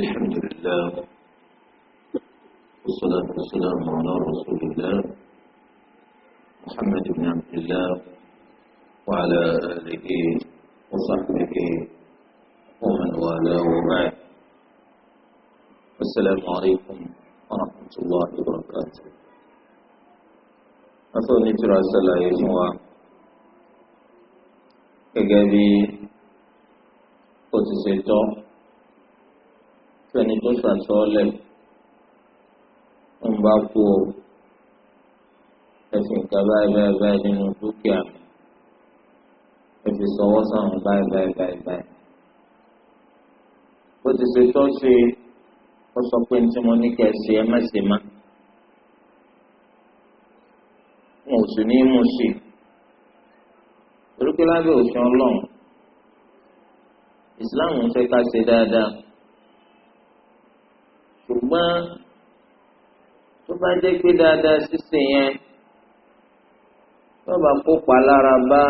الحمد لله والصلاة والسلام على رسول الله محمد بن عبد الله وعلى آله وصحبه ومن والاه وبعد السلام عليكم ورحمة الله وبركاته أفضل نترى السلام عليكم gẹ́gẹ́ bí ó fẹ́ni tó sàsọ́ọ́lẹ̀ ń bá kú o ẹsìn nǹkan báyìí báyìí báyìí nínú dúkìá mi ẹ fi sọwọ́ sọ̀rọ̀ báyìí báyìí báyìí báyìí. bó ti ṣe tó ṣe ó sọ pé tí mo ní kẹ́ ẹ ṣe ẹ má ṣe má. n ò sì ní í mú sí i. torí pé lábẹ́ òfin ọlọ́run ìsìláàmù ń fẹ́ ká ṣe dáadáa ṣùgbọ́n tó bá jẹ́ pé dáadáa ṣíṣe yẹn tó bá kópa lára bá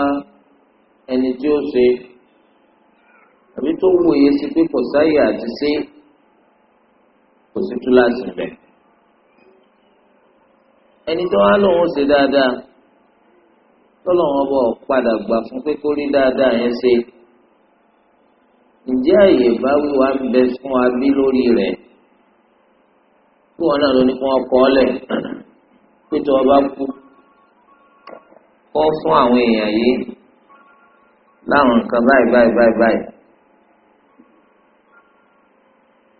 ẹni tí ó ṣe àbí tó wòye sí pé kò sáyè àti ṣe kò sí túláàsì bẹ́ẹ̀ ẹni tó wá lòun ṣe dáadáa tọ́lọ́wọ́n bọ̀ padà gbà fún pé kó rí dáadáa yẹn ṣe ǹjẹ́ àyè bá wíwá ń bẹ fún wa bí lórí rẹ̀ kí wọn náà ló ní kí wọn kọ ọ lẹ pé tí wọn bá kú kọ fún àwọn èèyàn yìí láwọn nǹkan báyìí báyìí báyìí báyìí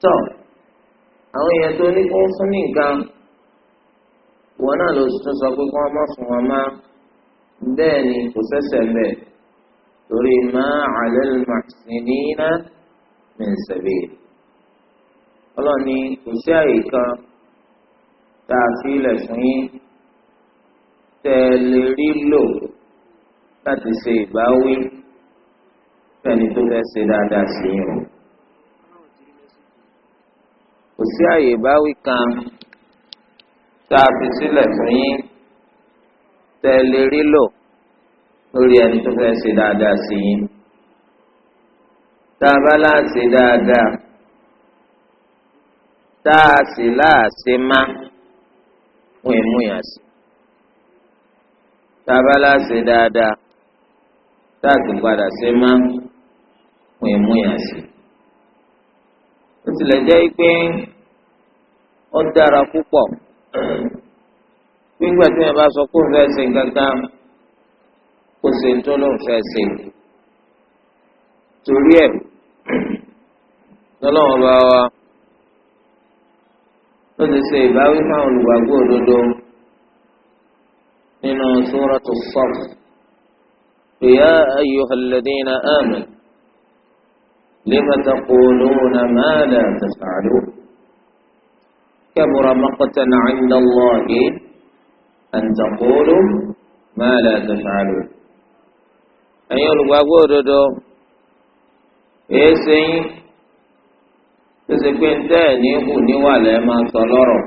tọ àwọn èèyàn tó ní kí wọn fún ní nǹkan wọn náà ló tún sọ pé kí wọn má fún wọn má bẹ́ẹ̀ ni kò sẹsẹ mbẹ torí máa àlẹ́ lè máa ní iná ní ìsẹ̀bí ọlọ́ni kò sí àyè kan tá a fi ilẹ̀ fún yín tẹ́ ẹ lè rí lò láti ṣe ìbáwí fẹ́ni tó fẹ́ ṣe dáadáa sí yín o. kò sí àyè ìbáwí kan tá a fi sílẹ̀ fún yín tẹ́ ẹ lè rí lò lórí ẹni tó fẹ́ ṣe dáadáa sí yín. tá a bá láti dáadáa tá a sì láàṣe máa fún ẹmú yàn sí. tábàlà ṣe dáadáa táàtì padà ṣe má fún ẹmú yàn sí. ó tilẹ̀ jẹ́ pé ó dára púpọ̀ gbígbà tí wọn bá sọ kó fẹ́ ṣe gángan kó ṣe tó ló ń fẹ́ ṣe torí ẹ̀ lọ́lọ́run bá wa. ó ti ṣe ìbáwí fáwọn olùgbàgbọ́ òdodo nínú súratu Saff ya ayyuhal ladina amanu lima taquluna ma la taf'alun kabura maqtan 'inda Allahi an taqulu ma la taf'alun ẹ̀yin olùgbàgbọ́ òdodo èé ṣe yín. tó ṣe pé ń tẹ́ ẹ̀ ní hù níwàlẹ̀ máa sọ lọ́rọ̀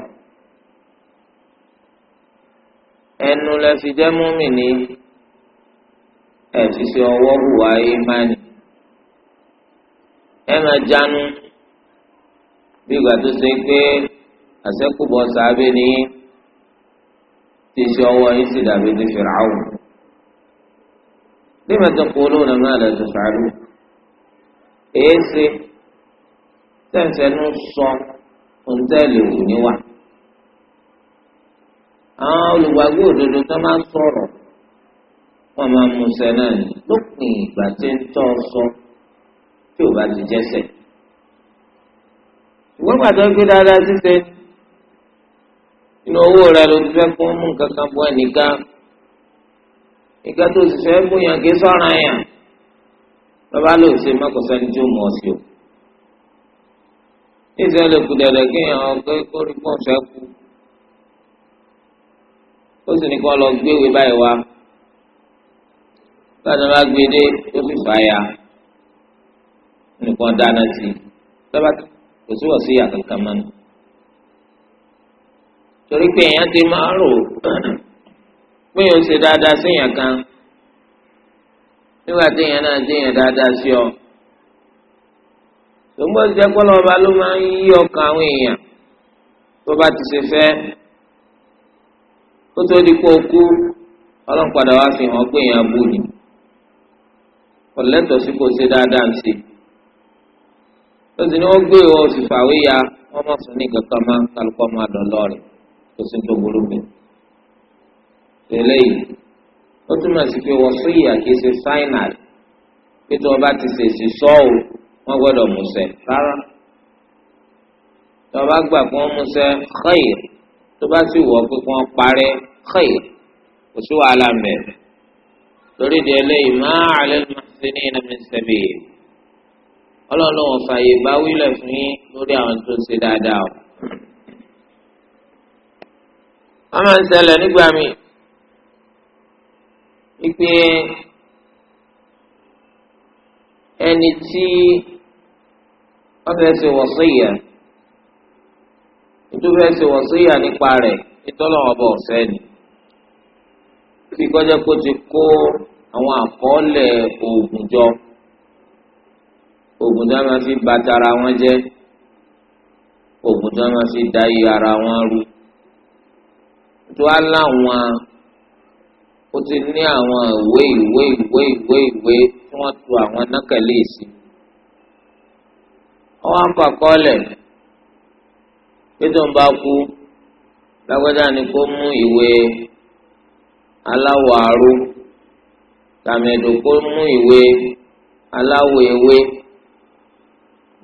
ẹnu lẹ fi jẹ́ múmi ní ẹ̀ fi ṣe ọwọ́ hùwà ìmánì ẹ máa jánu bí ìgbà tó ṣe pé àṣẹkùbọ̀ sábẹ́ ní ti ṣe ọwọ́ yìí sì dàbí ti Fir'aun. lima taquluna ma la taf'alun èé ṣe tẹ̀sẹ̀nu sọ òǹtẹ̀lẹ̀ òwò níwà. àwọn olùgbàgbọ́ òdodo tó máa sọ̀rọ̀ wọ́n máa mú sẹ́ náà ní lópin ìgbà tí ń tọ́ sọ tí ò bá ti jẹ́sẹ̀. ìwọ́n pàtó gbé dáadáa ṣíṣe inú owó rẹ ló fẹ́ kó mú nǹkan kan bọ́ ẹnìkan ìgbà tó sì fẹ́ bóyan kí sọ̀ràn yàn bàbá ló ṣe mọ́kọ̀sẹ́ni tí ó mọ̀ ọ́ sí o níṣẹ́ lè kú dẹ̀dẹ̀ kí èèyàn gbé kórí fún ọ̀sẹ̀ kú ó sì ní kí wọ́n lọ gbéwèé báyìí wá báyìí wọ́n gbé dé tó fi fàyà nìkan dáná sí i lọ́ba kò sí wọ́n sí àkàkà mọ́ ni torí pé èèyàn ti máa rò pé èèyàn ṣe dáadáa sí èèyàn kan nígbà tí èèyàn náà dé èèyàn dáadáa sí ọ tòǹbọ̀ ti jẹ́ pọ́lọ́ ọba ló máa ń yí ọkàn àwọn èèyàn tó bá ti ṣe fẹ́ kó tó di kó o kú ọlọ́run padà wá fi hàn pé èèyàn bù ni ọ̀lẹ́tọ̀ sí kò ṣe dáadáa ń ṣe ó ti ní wọ́n gbé ìwọ oṣù fàwé ya wọ́n mọ̀ sùn ní kankan máa ń kálukọ́ máa dán lọ́ọ̀rẹ́ kó sì tó burú mi tẹ́lẹ̀ yìí ó túmọ̀ sí pé wọ́n sún ìyà kì fáínàlì pé tí wọ́n bá ti ṣèṣì sọ́ọ̀ wọ́n gbọ́dọ̀ múṣẹ rárá tó bá gbà pé wọ́n múṣẹ xeyr tó bá sì wọ pé wọ́n parẹ́ xeyr kò sí wàhálà mẹ torí di eléyìí má alẹ́ màsínì iná mi sẹ́bi ọlọ́run wọn fààyè bá wílẹ̀ fún yín lórí àwọn tó ṣe dáadáa o. wọ́n máa ń ṣẹlẹ̀ nígbà míì wípé ẹni tí wọ́n fẹ́ẹ́ ṣe wọ̀síyà nítorí fẹ́ẹ́ ṣe wọ̀síyà nípa rẹ̀ ìtọ́lọ́wọ́n bọ̀ ọ̀sẹ́ ni fi kọjá kó ti kó àwọn àkọọ́lẹ̀ oògùn jọ oògùn tí wọ́n máa fi bà tara wọn jẹ́ oògùn tí wọ́n máa fi da iye ara wọn rú tó wá láwọn ó ti ní àwọn ìwé ìwé ìwé ìwé ìwé tí wọ́n tu àwọn nákàlẹ́ ìsinmi ọwọ́ ń pàkọ́lẹ̀ pé tó ń bá kú lágbádá ni kó mú ìwé aláwọ̀ aró tàmẹ̀dò kó mú ìwé aláwọ̀ ewé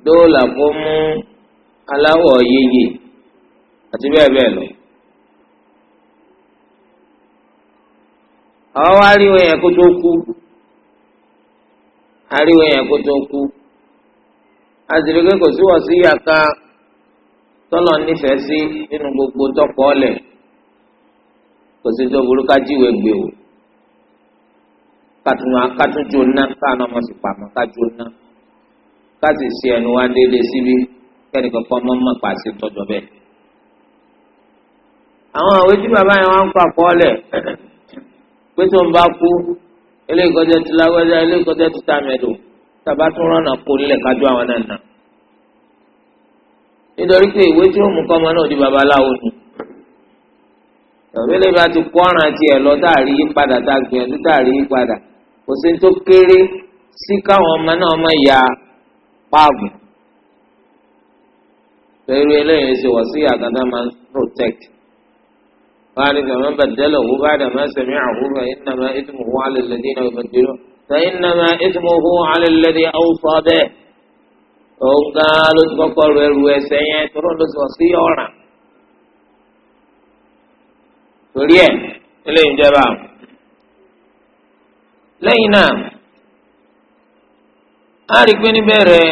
dóòlà kó mú aláwọ̀ yeye àti bẹ́ẹ̀ bẹ́ẹ̀ lọ. àwọn wá ríwèé yẹn kó tó kú àríwèé yẹn kó tó kú àtìrìkẹ́ kò sí wọ́n sí yàtá tọ́lọ̀ nífẹ̀ẹ́ sí nínú gbogbo tọkọ ọ̀lẹ̀ kò sí tó burúkú ajíwèé gbé o kátúnjó ná káàná ọmọ sì pàmò kájú ná káàtì sí ẹnu wá déédéé síbi kẹ́ni kankan mọ́ mọ́ pàṣẹ tọ́jọ́ bẹ́ẹ̀. àwọn àwé tí bàbá yẹn wá ń kọ àkọọ́lẹ̀ pé tó ń bá kú eléyìí kọjá ti lágbájá eléyìí kọjá ti tàmẹ̀dùn tàbá tún rànà kó nílẹ̀ kájú àwọn náà nà. nítorí pé ìwé tí ó mú kọ́ ọmọ náà di babaláwo ni tọ̀bílẹ̀ bá ti kó ọ̀ràn tiẹ̀ lọ táàrí yí padà tá a gbìyànjú táàrí yí padà kò sí tó kéré sí káwọn ọmọ náà ọmọ ìyá páàbù pẹ̀lú eléyìí ṣe wọ̀ sí àgàdá máa ń protect wọ́n á ní sọ̀rọ̀ bàtẹ́lẹ̀ òwú bá àwòrán ìnáwó ìdùnnú wà lẹ́lẹ́dínà ìbàdìrún. فإنما إثمه على الذي أوصى به òun gan ló ti kọ́kọ́ ru ẹrù ẹsẹ̀ yẹn tóró ló sọ sí ọ̀ràn torí ẹ̀ nílé ìjọba lẹ́yìn náà a rí pé níbẹ̀rẹ̀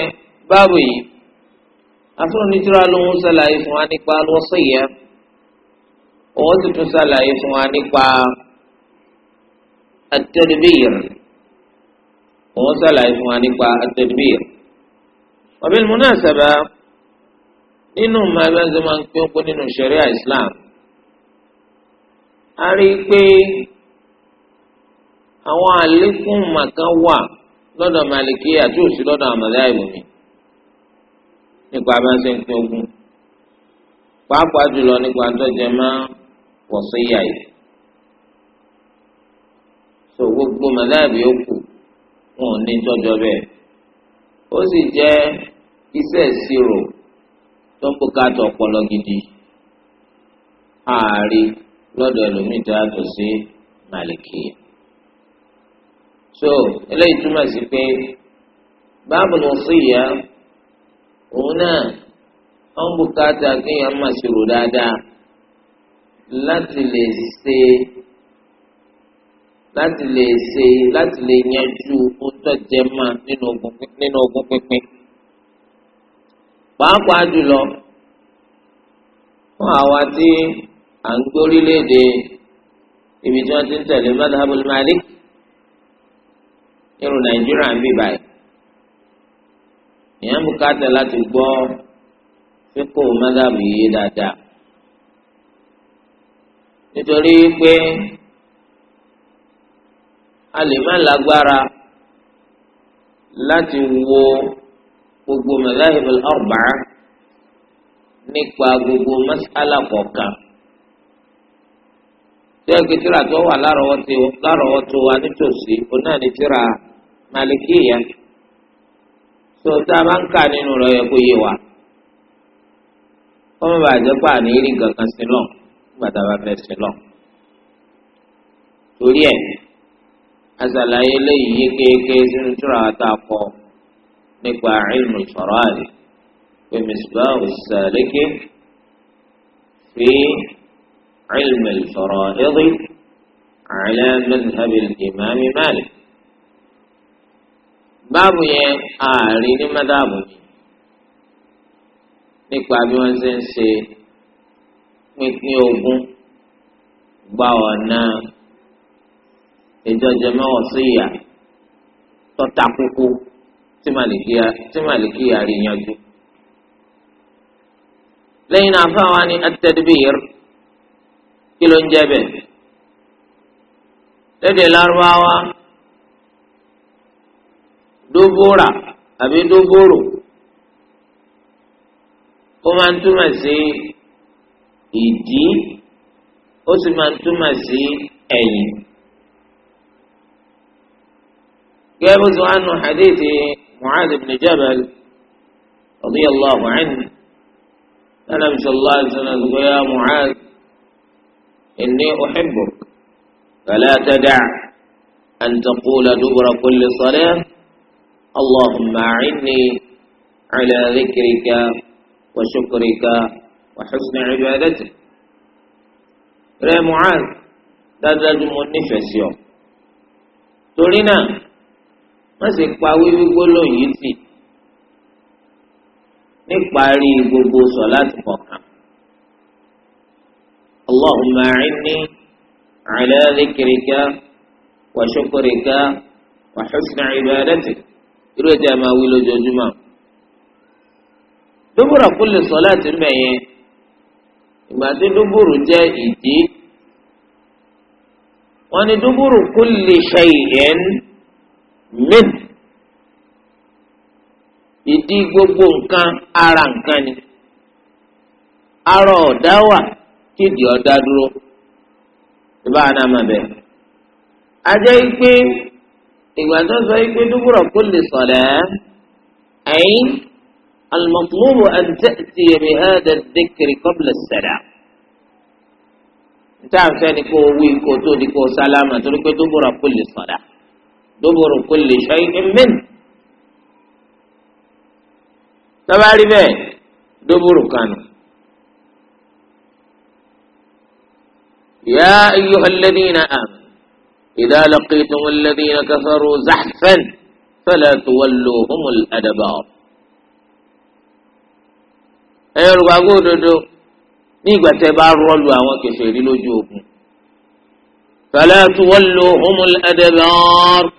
báwo yìí afúnitìrá ló ń ṣàlàyé fún wa nípa lọ́sọ̀yẹ́ òun sì tún ṣàlàyé fún wa nípa àtẹ̀lẹ́bíyìí òun ṣàlàyé fún wa nípa atẹ̀bíyà ọ̀bẹ múnàṣàbà nínú màgbẹ́nsẹ̀ máa ń pín okó nínú ṣẹ̀ríà Islam a rí i pé àwọn àlékún màkàn wà lọ́dọ̀ màlìkí àti òsì lọ́dọ̀ àmàlẹ́ àìwòmí nípa abẹ́nsẹ̀ ń pín ogún pàápàá jùlọ nípa tọ́jẹ́ máa yìí so gbogbo màlẹ́ àbí ó kù wọn ò ní tọ́jọ́ bẹ́ẹ̀ ó sì jẹ́ iṣẹ́ ìṣirò tó ń bùkátà ọpọlọ gidi ààrí lọ́dọ̀ ẹlòmíì tó yàtọ̀ sí màlìkì. so eléyìí túmọ̀ sí pé báàbù ló sì yá òun náà ó ń bùkátà kéèyàn máa ṣirò dáadáa láti lè ṣe láti lè ṣe láti lè yanjú ọtọ́jẹ máa nínú ogún pínpín. pàápàá jùlọ fún àwa tí à ń gbé orílẹ̀-èdè ibi tí wọ́n ti ń tẹ̀lé madhabul malik nínú nàìjíríà ń bì báyìí. èèyàn bùkátà láti gbọ́ fíkò madhabu yìí dáadáa. nítorí pé a lè má lágbára láti wo gbogbo mazahibul arba'a nípa gbogbo mas'ala kọ̀ọ̀kan tẹ́ẹ̀kì tíra tó wà lárọ̀ọ́tò wa nítòsí onáàní tíra malikiya tó tá a bá ń kà nínú rẹ̀ yẹ kó yé wa kọ́ mọ́ bàjẹ́ pa àní rí gangan sí nígbà tá a bá fẹ́ sí torí ẹ̀ asàlàyé léyìí yékéyéké sínú túra àtàkọ nípa ilmu fara'id pé misbahu sàlẹkẹ fi ilmu fara'id ala madhhab al-imam Malik. báàbù yẹn ààrin ní mádàbù mi nípa bí wọ́n ṣe ń ṣe pínpín ogún gba ọ̀nà ìjọjẹ mẹwọ sí ìyà tọta kúkú tí màlìkíyà rí yanjú. lẹ́yìn náà fáwọn ní atẹ́dẹ́bìyìr kí ló ń jẹ́ bẹ́ẹ̀. lédè lárúbáwá dúbúrà àbí dúbúrù ó máa ń túmọ̀ sí ìdí ó sì máa ń túmọ̀ sí ẹ̀yìn. جاء عنه حديث معاذ بن جبل رضي الله عنه أنا مش الله عليه وسلم يا معاذ إني أحبك فلا تدع أن تقول دبر كل صلاة اللهم أعني على ذكرك وشكرك وحسن عبادتك يا معاذ لا تدم النفس يوم تولينا wọ́n sì pa wíwí gbólóhùn yìí tì níparí gbogbo sọ̀láàtì kọ̀ọ̀kan. اللهم أعني على ذكرك وشكرك وحسن عبادتك irú ẹ̀dá máa wí lójoojúmọ́. dúbúrò kulli sọ̀láàtì mẹ́yẹn ìgbà tí dúbúrò jẹ́ ìdí wọ́n ní dúbúrò kulli shay'in min ìdí gbogbo nǹkan ara nǹkan ni ara ọ̀dá wà kéde ọ̀dá dúró ìbá àná máa bẹ̀. ajẹ́ pé ìgbà tó sọ pé dúkúrọ̀ kó lè sọ̀rọ̀ ẹ́ ẹ̀yìn المطلوب أن تأتي بهذا الذكر قبل السلام تعرف ثاني كو وي كو تو دي كو سلامة تقول دبر كل صلاة دبر كل شيء منه تبالي به دبر كانوا يا أيها الذين آمنوا إذا لقيتم الذين كفروا زحفا فلا تولوهم الأدبار أيها الواقود نيقوا تبار رلوا وكفر لجوهم فلا تولوهم الأدبار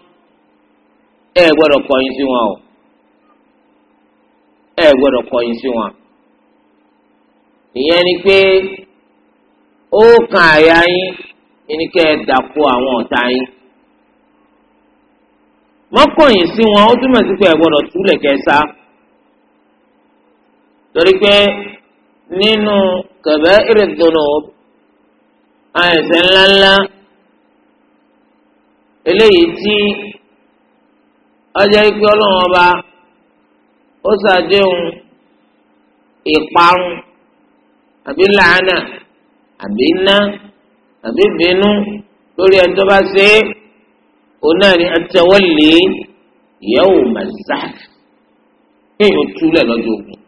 ẹ gbọ́dọ̀ kọ̀yìn sí wọn o ẹ gbọ́dọ̀ kọ̀yìn sí wọn ìyẹn ni pé ó kan àyà yín ní kẹ́ ẹ dàpọ̀ àwọn ọ̀tá yín mọ́kànyìn sí wọn ó túmọ̀ sí pé ẹ gbọ́dọ̀ túlẹ̀ kẹsà torí pé nínú kẹ̀bẹ́ ìrìndòdò àìsàn ńláńlá eléyìí tí ọjọ́ ikú ọlọ́run ọba ó ṣàdéhùn ìparun àbí làánà àbí iná àbí bínú lórí ẹni tó bá ṣe é òun náà ni atawalli yawma zahf kéèyàn túlẹ̀ lọ́jọ́ ogun.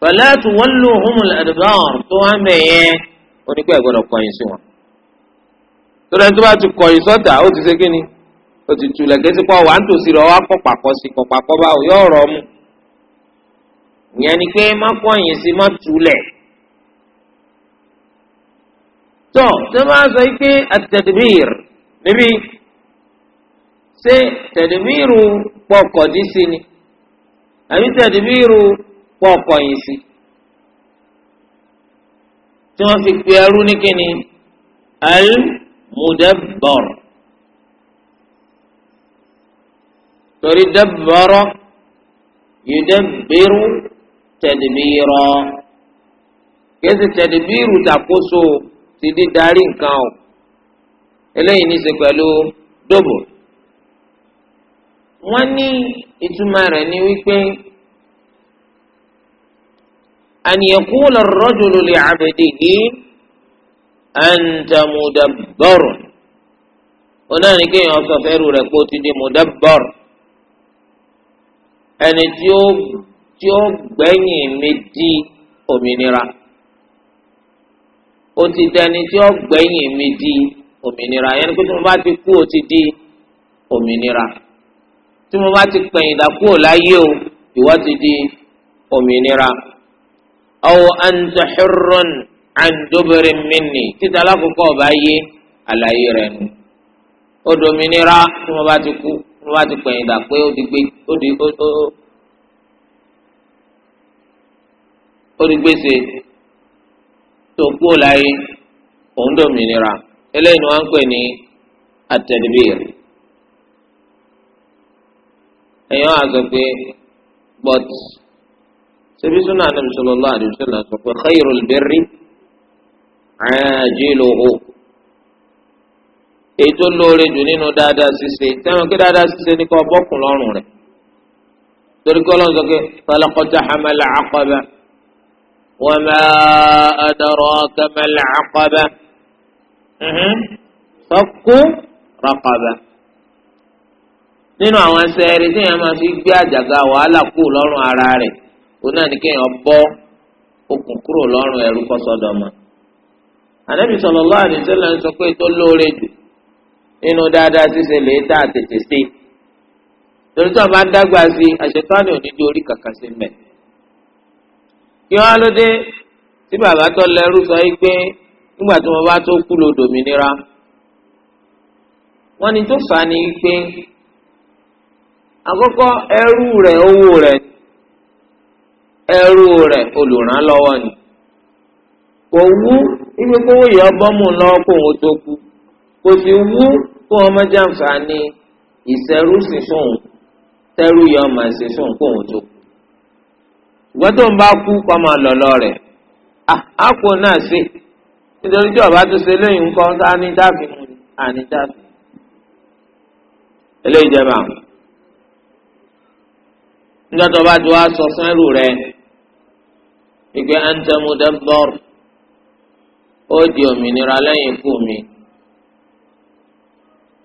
fala tuwalluhumul adbar tó wá mẹ́yẹ onípẹ́ gbọ́dọ̀ kọ̀yìn sí wọn. tó lẹ́ni tó bá ti kọ̀yìn sọ́dà ó ti ṣe kí ni ó ti tu lẹ̀kẹ́ sí pọ̀ wà ń tòsí rẹ̀ wá kọ́ pàkọ́ sí kọ́ pàkọ́ báwo yóò rọ̀ mu ìyẹn ni pé má kọ̀yìn sí má tulẹ̀. tó tó máa sọ pé àtẹ̀dẹ̀míìr níbí ṣé tẹ̀dẹ̀míìrù pọ̀ kọ̀dí sí ni àbí tẹ̀dẹ̀míìrù pọ̀ kọ̀yìn sí tí wọ́n fi pe ẹrú ní kíni al-mudabbor. torí dabbara yudabbiru tadbira kìí tadbiru tàkóso ti di darí nǹkan o eléyìí ní í ṣe pẹ̀lú dòbò. wọ́n ní ìtumọ̀ rẹ̀ ní wípé an yaqula ar-rajulu li'abdihi anta mudabbarun. ní kéèyàn sọ fẹ́rù rẹ̀ ti di mudabbar ẹni tí ó tí ó gbẹ̀yìn mi di òmìnira ó ti dẹni tí ó gbẹ̀yìn mi di òmìnira yẹn ni pé tí mo bá ti kú ó ti di òmìnira tí mo bá ti pẹ̀yìn dàkúrò láyé o ìwọ ti di òmìnira aw anta hurrun an títa alákòókò ọba yé àlàyé rẹ nu ó dòmìnira tí mo bá ti kú wọn bá ti pẹ̀yìn dà pé ó di gbé ó di ó ó di gbèsè tó kú ò láyé òun dòmìnira eléyìí ni wọn ń pè ní atẹ̀dìbìr èèyàn á sọ pé but ṣebí súnà Ànábì sallallahu alaihi wasallam sọ pé khayrul birri ajiluhu èyí tó lóore jù nínú dáadáa ṣíṣe tẹ́wọ̀n kí dáadáa ṣíṣe ní kọ́ bọ́kùn lọ́rùn rẹ̀ torí kọ́ lọ́n sọ pé falaqata hamal aqaba wa ma adraka mal aqaba mhm. fakku raqaba nínú àwọn sẹ́ẹ̀rì tí èèyàn máa fi gbé àjàgà wàhálà kú lọ́rùn ara rẹ̀ òun náà ní kéèyàn bọ́ okùn kúrò lọ́rùn ẹ̀rú kọ́sọ́dọ̀ mọ́ ànábì sallallahu alaihi wasallam nínú dáadáa ṣíṣe lè tá a tètè sí torí tó a bá ń dágbà sí àṣetánì onídìí orí kankan sí mẹ. kí wọ́n á ló dé tí bàbá tó lẹ́rú sọ yìí pé nígbà tí mo bá tó kú lo dòmìnira wọ́n ní tó fà á ní pé àkọ́kọ́ ẹrú rẹ̀ owó rẹ̀ ẹrú rẹ̀ olùrànlọ́wọ́ ni kò wú ibi kówó yẹ ọgbọ́n mú un lọ́wọ́ kó òun tó kú kò sì wú kó wọn má jàǹfààní ìṣẹ́rú sí sóhun tẹ́rú yọ ọmọ ẹ̀sìn sóhun kó òun tó kú. ṣùgbọ́n tó ń bá kú kọ́ máa lọ́lọ́ rẹ̀ á kó náà ṣe nítorí tí ọba tó ṣe lóyún kọ́ tá a ní dáàfin mu ni a ní dáàfin. eléyìí jẹ́ bá wọn. nígbà tó bá ti wá sọ fún ẹrù rẹ̀ wípé à ń ó di òmìnira lẹ́yìn ikú mi.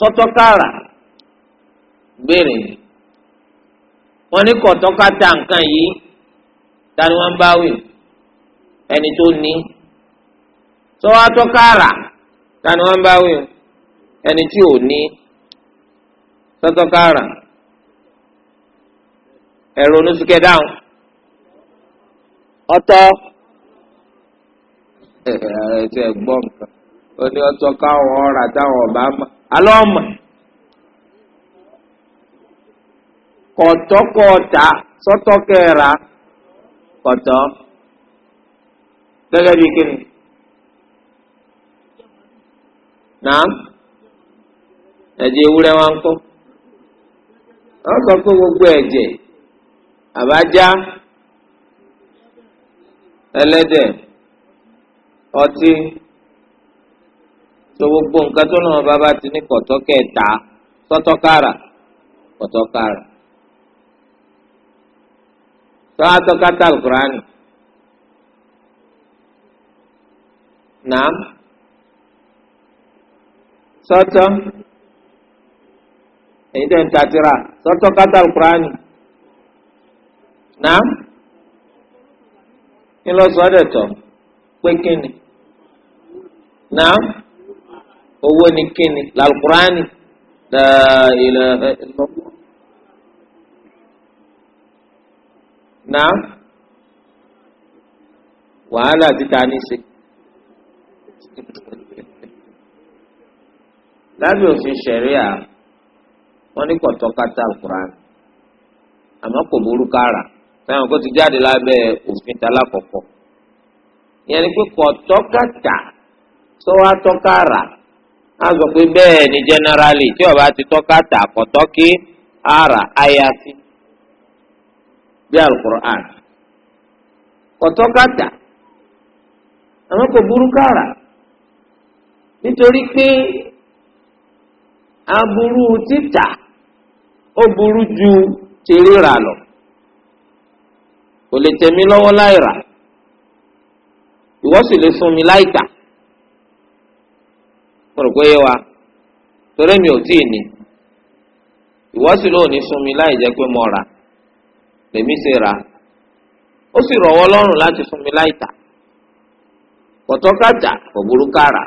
sọ́tọ́ kára gbére ni wọ́n ní kọ̀tọ́ ká ta nǹkan yìí tani wọ́n bá wí ẹni tó ní sọ́wọ́tọ́ kára tani wọ́n bá wí ẹni tí ò ní sọ́tọ́ kára ẹ̀rọ dáhùn ọtọ́ ẹ̀ ẹ̀ ẹ̀ ti ẹ̀ gbọ́ nǹkan ó ní ọtọ́ káwọn ọ̀rà táwọn ọ̀bá mọ̀ alọ́mọ kọ̀tọ́kọ̀ọ̀ta sọ́tọ́kẹ́ra kọ̀tọ́ gẹ́gẹ́ bí kíni náà ẹ̀jẹ̀ ewúrẹ́ wa ń kọ́ wọ́n sọ pé gbogbo ẹ̀jẹ̀ àbájá ẹlẹ́dẹ̀ ọtí. tó gbogbo nǹkan tó lọ́wọ́ bàbá ti ní kọ̀tọ́ kẹta sọ́tọ́kàrà kọ̀tọ́kàrà sọ́tọ́kàtà alukurani nàám sọ́tọ́ èyí tẹ̀ ń tatira sọ́tọ́kàtà alukurani nàám ńlọsọ̀ọ́dẹ̀tọ̀ pé nàám. owó ni kíni làlùkùránì ilẹ̀ ìlọ́wọ́. náà wàhálà títa ní í ṣe. lábẹ́ òfin ṣẹ̀ríà wọ́n ní kò tọ́ka ta alukur'an àmọ́ kò burú kára táwọn kò ti jáde lábẹ́ òfin ta lákọ̀ọ́kọ́ ìyẹn ni pé kò tọ́ka ta sọ́wọ́ tọ́ka rà a sọ pé bẹ́ẹ̀ ni generally tí ọba ti tọ́ka tà kọ́tọ́ ara ayasi bí alukur'an kọ́tọ́ ká tà àwọn kò burú kára nítorí pé aburú títà ó burú ju tìrìrà lọ kò lè tẹ̀mí lọ́wọ́ láì rà lè fún mi láì mo rò wa torí mi ò tíì ní ìwọ sì lóòní mi láì jẹ́ pé mo rà lèmi ṣe rà ó sì rọ̀wọ́ lọ́rùn láti fún mi láì tà pọ̀tọ́kàjà kò burú kára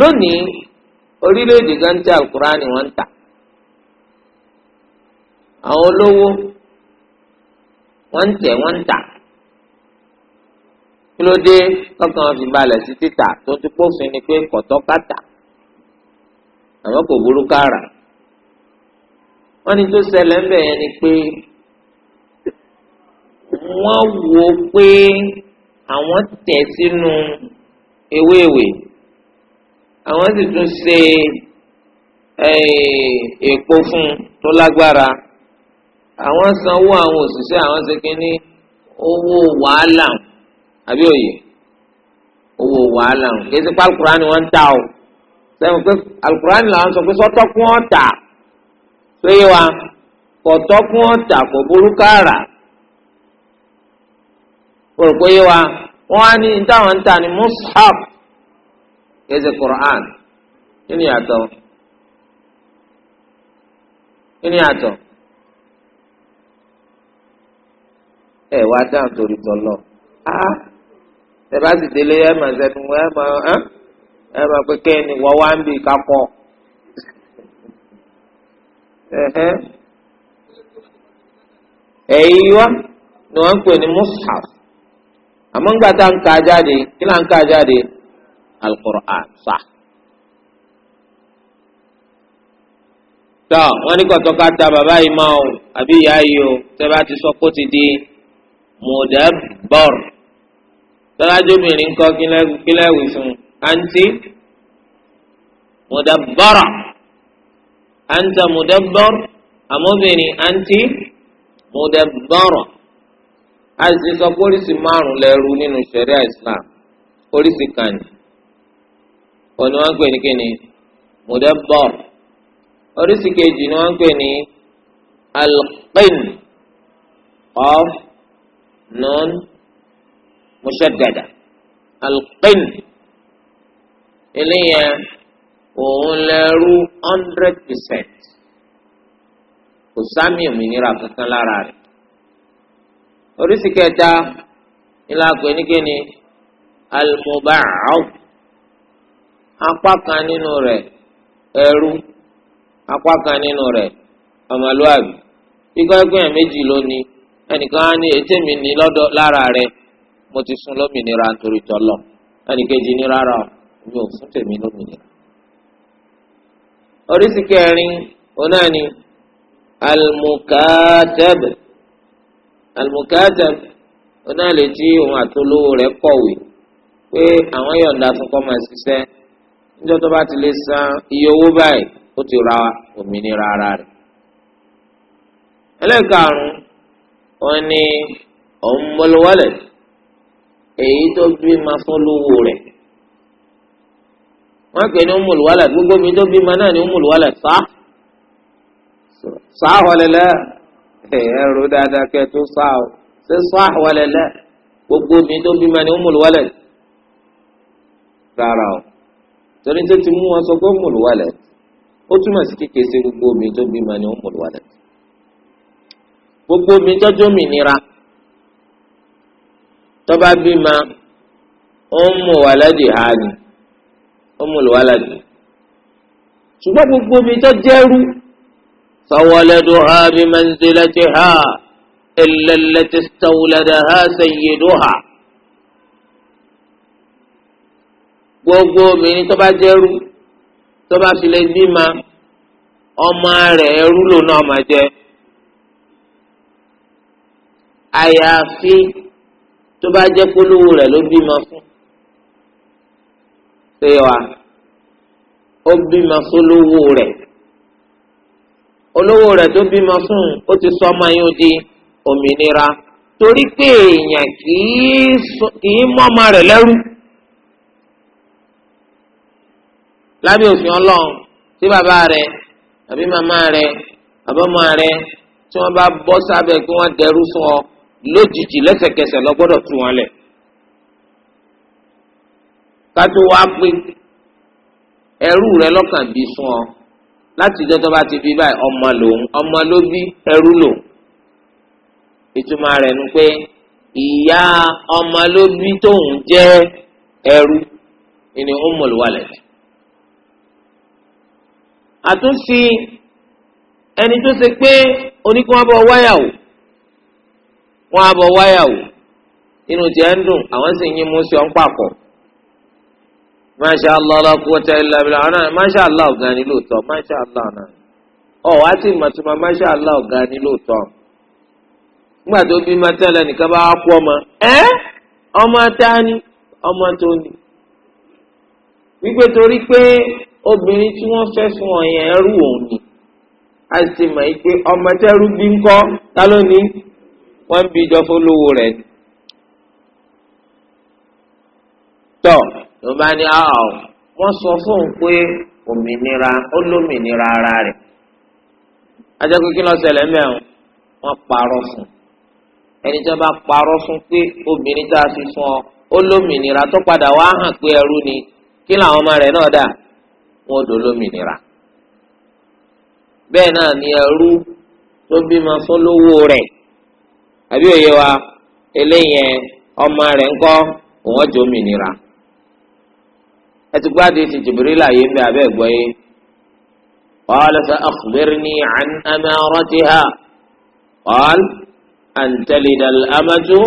lónìí orílẹ̀-èdè gánté alukurani wọ́n ń tà àwọn olówó wọ́n ń tẹ̀ wọ́n ń tà. kí ló dé tọkàn fi balẹ̀ sí títà tó ti pófin ni pé kọ̀tọ́kàtà àmọ́ kò burú kára wọ́n ní tó ṣẹlẹ̀ ń bẹ̀ yẹn ni pé wọ́n wò ó pé àwọn tẹ̀ sínú ewéèwé àwọn sì tún ṣe èèpo fún un tó lágbára àwọn sanwó àwọn òṣìṣẹ́ àwọn ṣe kínní owó wàhálà ń àbí òye owó wàhálà ń kí ẹ ti pa alukurani wọn ń ta o sẹ́wọ̀n pé alukurani làwọn sọ pé sọ́tọ́kùn ọ̀tà péye wa kọ̀tọ́kùn ọ̀tà kò burú káàrà kò péye wa wọ́n á ní táwọn ń ta ni mushaf kí ẹ ti Qur'an kí ni yàtọ̀ kí ni yàtọ̀ ẹ wá dáhùn torí tọ́lọ́ ah tẹ̀bá sì délé ẹ̀ máa zẹnu ẹ̀ máa ẹ̀ máa pẹ́kẹ́ ni wọ́n wá ń bì kakọ́ ẹ̀yí wá ni wọ́n ń pè ní mushaf àmọ́ ńgbà tá à ń ka jáde kí là ń ka jáde al-Qur'an sa. tọ́ wọ́n ní kọ̀tọ́ ká ta bàbá yìí máa o àbí ìyá yìí o tẹ́ bá ti sọ pé ó ti di mudabbar tọ́lájú obìnrin kọ́ kílẹ̀ wì fún àǹtí mùdàbọ́rà àǹtà mùdàbọ́r àmọ́bìnrin àǹtí mùdàbọ́rà àìsí sọ pé oríṣi márùn lẹ́rú nínú ṣẹ̀ríà Islam oríṣi kan ní òní wọ́n ń pè ní kíni mùdàbọ́r oríṣi kejì ni wọ́n pè ní alqin of non mushaddada alqin eléyẹn òun lẹ́rú hundred percent kò sámi òmìnira kankan lára rẹ̀ oríṣi kẹta ńlá pé nígbẹ́ni almubaaw apá kan nínú rẹ̀ ẹrú apá kan nínú rẹ̀ ọmọlúwàbí ikọ́ ẹgbẹ́ méjì lónìí ẹnìkan á ní ètè mi ní lọ́dọ̀ lára rẹ̀ mo ti fún lómìnira nítorí tọ́lọ̀ ẹnì kejì ní rárá mi ò fún tèmi lómìnira. oríṣi kẹrin ọ̀nà ni almukatab almukatab ọ̀nà lè ti òun àtolówó rẹ̀ kọ̀wé pé àwọn yọ̀ǹda fún kọ́ máa ṣiṣẹ́ níjọ́ tó bá ti lè san iye owó báyìí ó ti ra òmìnira ara rẹ̀. ẹlẹ́karùn-ún ọ̀nì ọ̀mọlúwalẹ̀ èyí tó bí ma fún lówó rẹ̀ wọ́n pè ní umul walad gbogbo mi tó bí ma náà ní umul walad sá sá wàlẹlẹ ẹrù dáadáa kẹ tó sá o ṣé sá wàlẹlẹ gbogbo mi tó bí ma ní umul walad rárá o torí tó ti mú wọn sọ pé umul ó túmọ̀ sí kékeré sí gbogbo mi tó bí ma ní umul gbogbo mi tọ́jú mi nira tọ́ba bímọ ọmọ wàládì hàní ọmọ wàládì ṣùgbọ́n gbogbo mi tó jẹ́rú fawaladu ha bi manzilati ha ilalati sawulada ha sayidu ha gbogbo obìnrin tó bá jẹ́rú tó bá bímọ ọmọ rẹ̀ ẹrú náà máa jẹ́ àyàfi tó bá jẹ́ polówó rẹ̀ ló bímọ fún ṣé wa ó bímọ polówó rẹ̀ olówó rẹ̀ tó bímọ fún ó ti sọ ọmọ yín di òmìnira torí pé èèyàn kì í mọ́mọ rẹ̀ lẹ́rú lábẹ́ òfin ọlọ́run tí bàbá rẹ̀ àbí màmá rẹ̀ àbọ́mọ rẹ̀ tí wọ́n bá bọ́ sábẹ́ kí wọ́n dẹrú fún ọ lójijì lẹ́sẹ̀kẹsẹ̀ lọ gbọ́dọ̀ tú wọn lẹ̀ kátó wá pé ẹrú rẹ lọ́kàn bí sún ọ láti ìjọ tó bá ti bí báyìí ọmọ lòun ọmọ ló bí ẹrú lòun ìtumọ̀ rẹ̀ ni pé ìyá ọmọ ló bí tóun jẹ́ ẹrú ni ummul walad àtúnṣe ẹni tó ṣe pé oníkùnmọ́bọ̀ wáyà o wọ́n á bọ wáyà wò inú tiẹ̀ ń dùn àwọn sì ń yín mú sí ọ́n pàpọ̀ masha allah la quwwata illa billah ana masha allah ọ̀gá ni lóòótọ́ masha allah ọ̀nà ọ̀ wá sí ìmọ̀túnmọ̀ masha allah ọ̀gá ni lóòótọ́ nígbà tó bí ma tẹ́lẹ̀ nìkan bá kú ọmọ ẹ́ ọmọ tá ni ọmọ tó ni wípé torí pé obìnrin tí wọ́n fẹ́ fún ọ yẹn ẹrú òun ni a sì mọ̀ pé ọmọ tẹ́rú bí ń kọ́ ta ló ní wọ́n ń bi bíjọ fólówó rẹ̀ tọ̀ ló bá ní àwọn wọ́n sọ fóun pé òmìnira ó lómìnira ara rẹ̀ ajẹ́kùn kí ló sẹlẹ̀ mẹ́rin wọ́n parọ́ fún ẹni tí wọ́n bá parọ́ fún pé obìnrin tá a fi fún ọ ó lómìnira tó padà wá hàn pé ẹrú ni kí làwọn ọmọ rẹ̀ náà dà wọ́n dò lómìnira bẹ́ẹ̀ náà ni ẹrú tó bímọ fún lówó rẹ̀ àbí òye wa eléyẹn ọmọ rẹ̀ ńkọ́ òun ọjọ́ òmìnira ẹtù gbádùn ti Jibril àyè ń bẹ abẹ́ ẹ̀gbọ́ yé qala fa akhbirni an amaratiha qala an talida al-amatu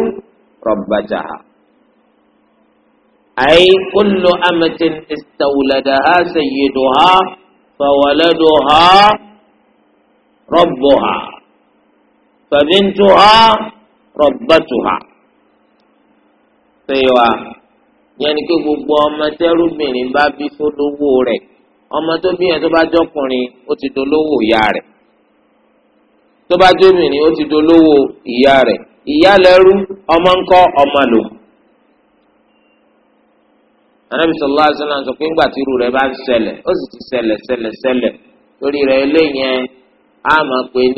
rabbataha. أي كل أمة استولدها سيدها فولدها ربها fàdíntùhà rọ̀bàtùhà. Ṣèwà yẹn ni gbogbo ọmọ tẹ́rùbìnrin bá bí fólówó rẹ̀ ọmọ tó bí yẹn tó bá jọkùnrin ó ti dolówó ìyá rẹ̀ tó bá ó ti dolówó ìyá ìyá ọmọ ńkọ́ ọmọ lò. sọ pé ó sì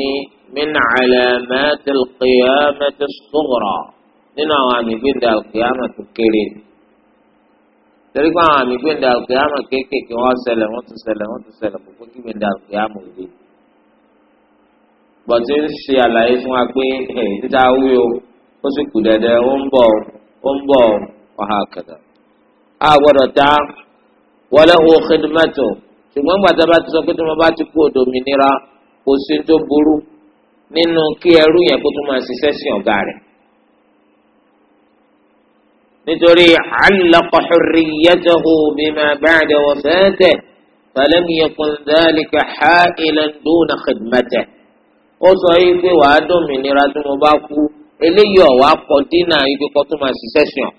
ti min alamati alqiyamati sughra nínú àwọn àmì gbẹ̀ndẹ̀ alqiyama tó kéré torí pé àwọn àmì gbẹ̀ndẹ̀ alqiyama kéékèèké wọ́n ṣẹlẹ̀ wọ́n tún ṣẹlẹ̀ wọ́n tún ṣẹlẹ̀ gbogbo kí gbẹ̀ndẹ̀ alqiyama ò dé bọ̀tí ń ṣe àlàyé fún wa pé ẹ̀ títa wí o ó sì kù dẹ̀dẹ̀ ó ń bọ̀ ó ń bọ̀ ọ̀hà kẹta. a gbọ́dọ̀ ta wọlé wo xidimẹ́tò ṣùgbọ́n gbàtà bá ti sọ pé tí wọ́n bá ti kú òdòmìnira kò sí tó burú nínú kí ẹrú yẹn kó tún máa ṣiṣẹ́ sí ọ̀gá rẹ̀ nítorí allaqa hurriyatahu bima ba'da wafatihi falam yakun dhalika ha'ilan duna khidmatihi ó sọ yìí pé wàá nira tó mo bá kú eléyìí ọ̀wá pọ̀ dínà ibi kó tún máa ṣiṣẹ́ sí ọ̀.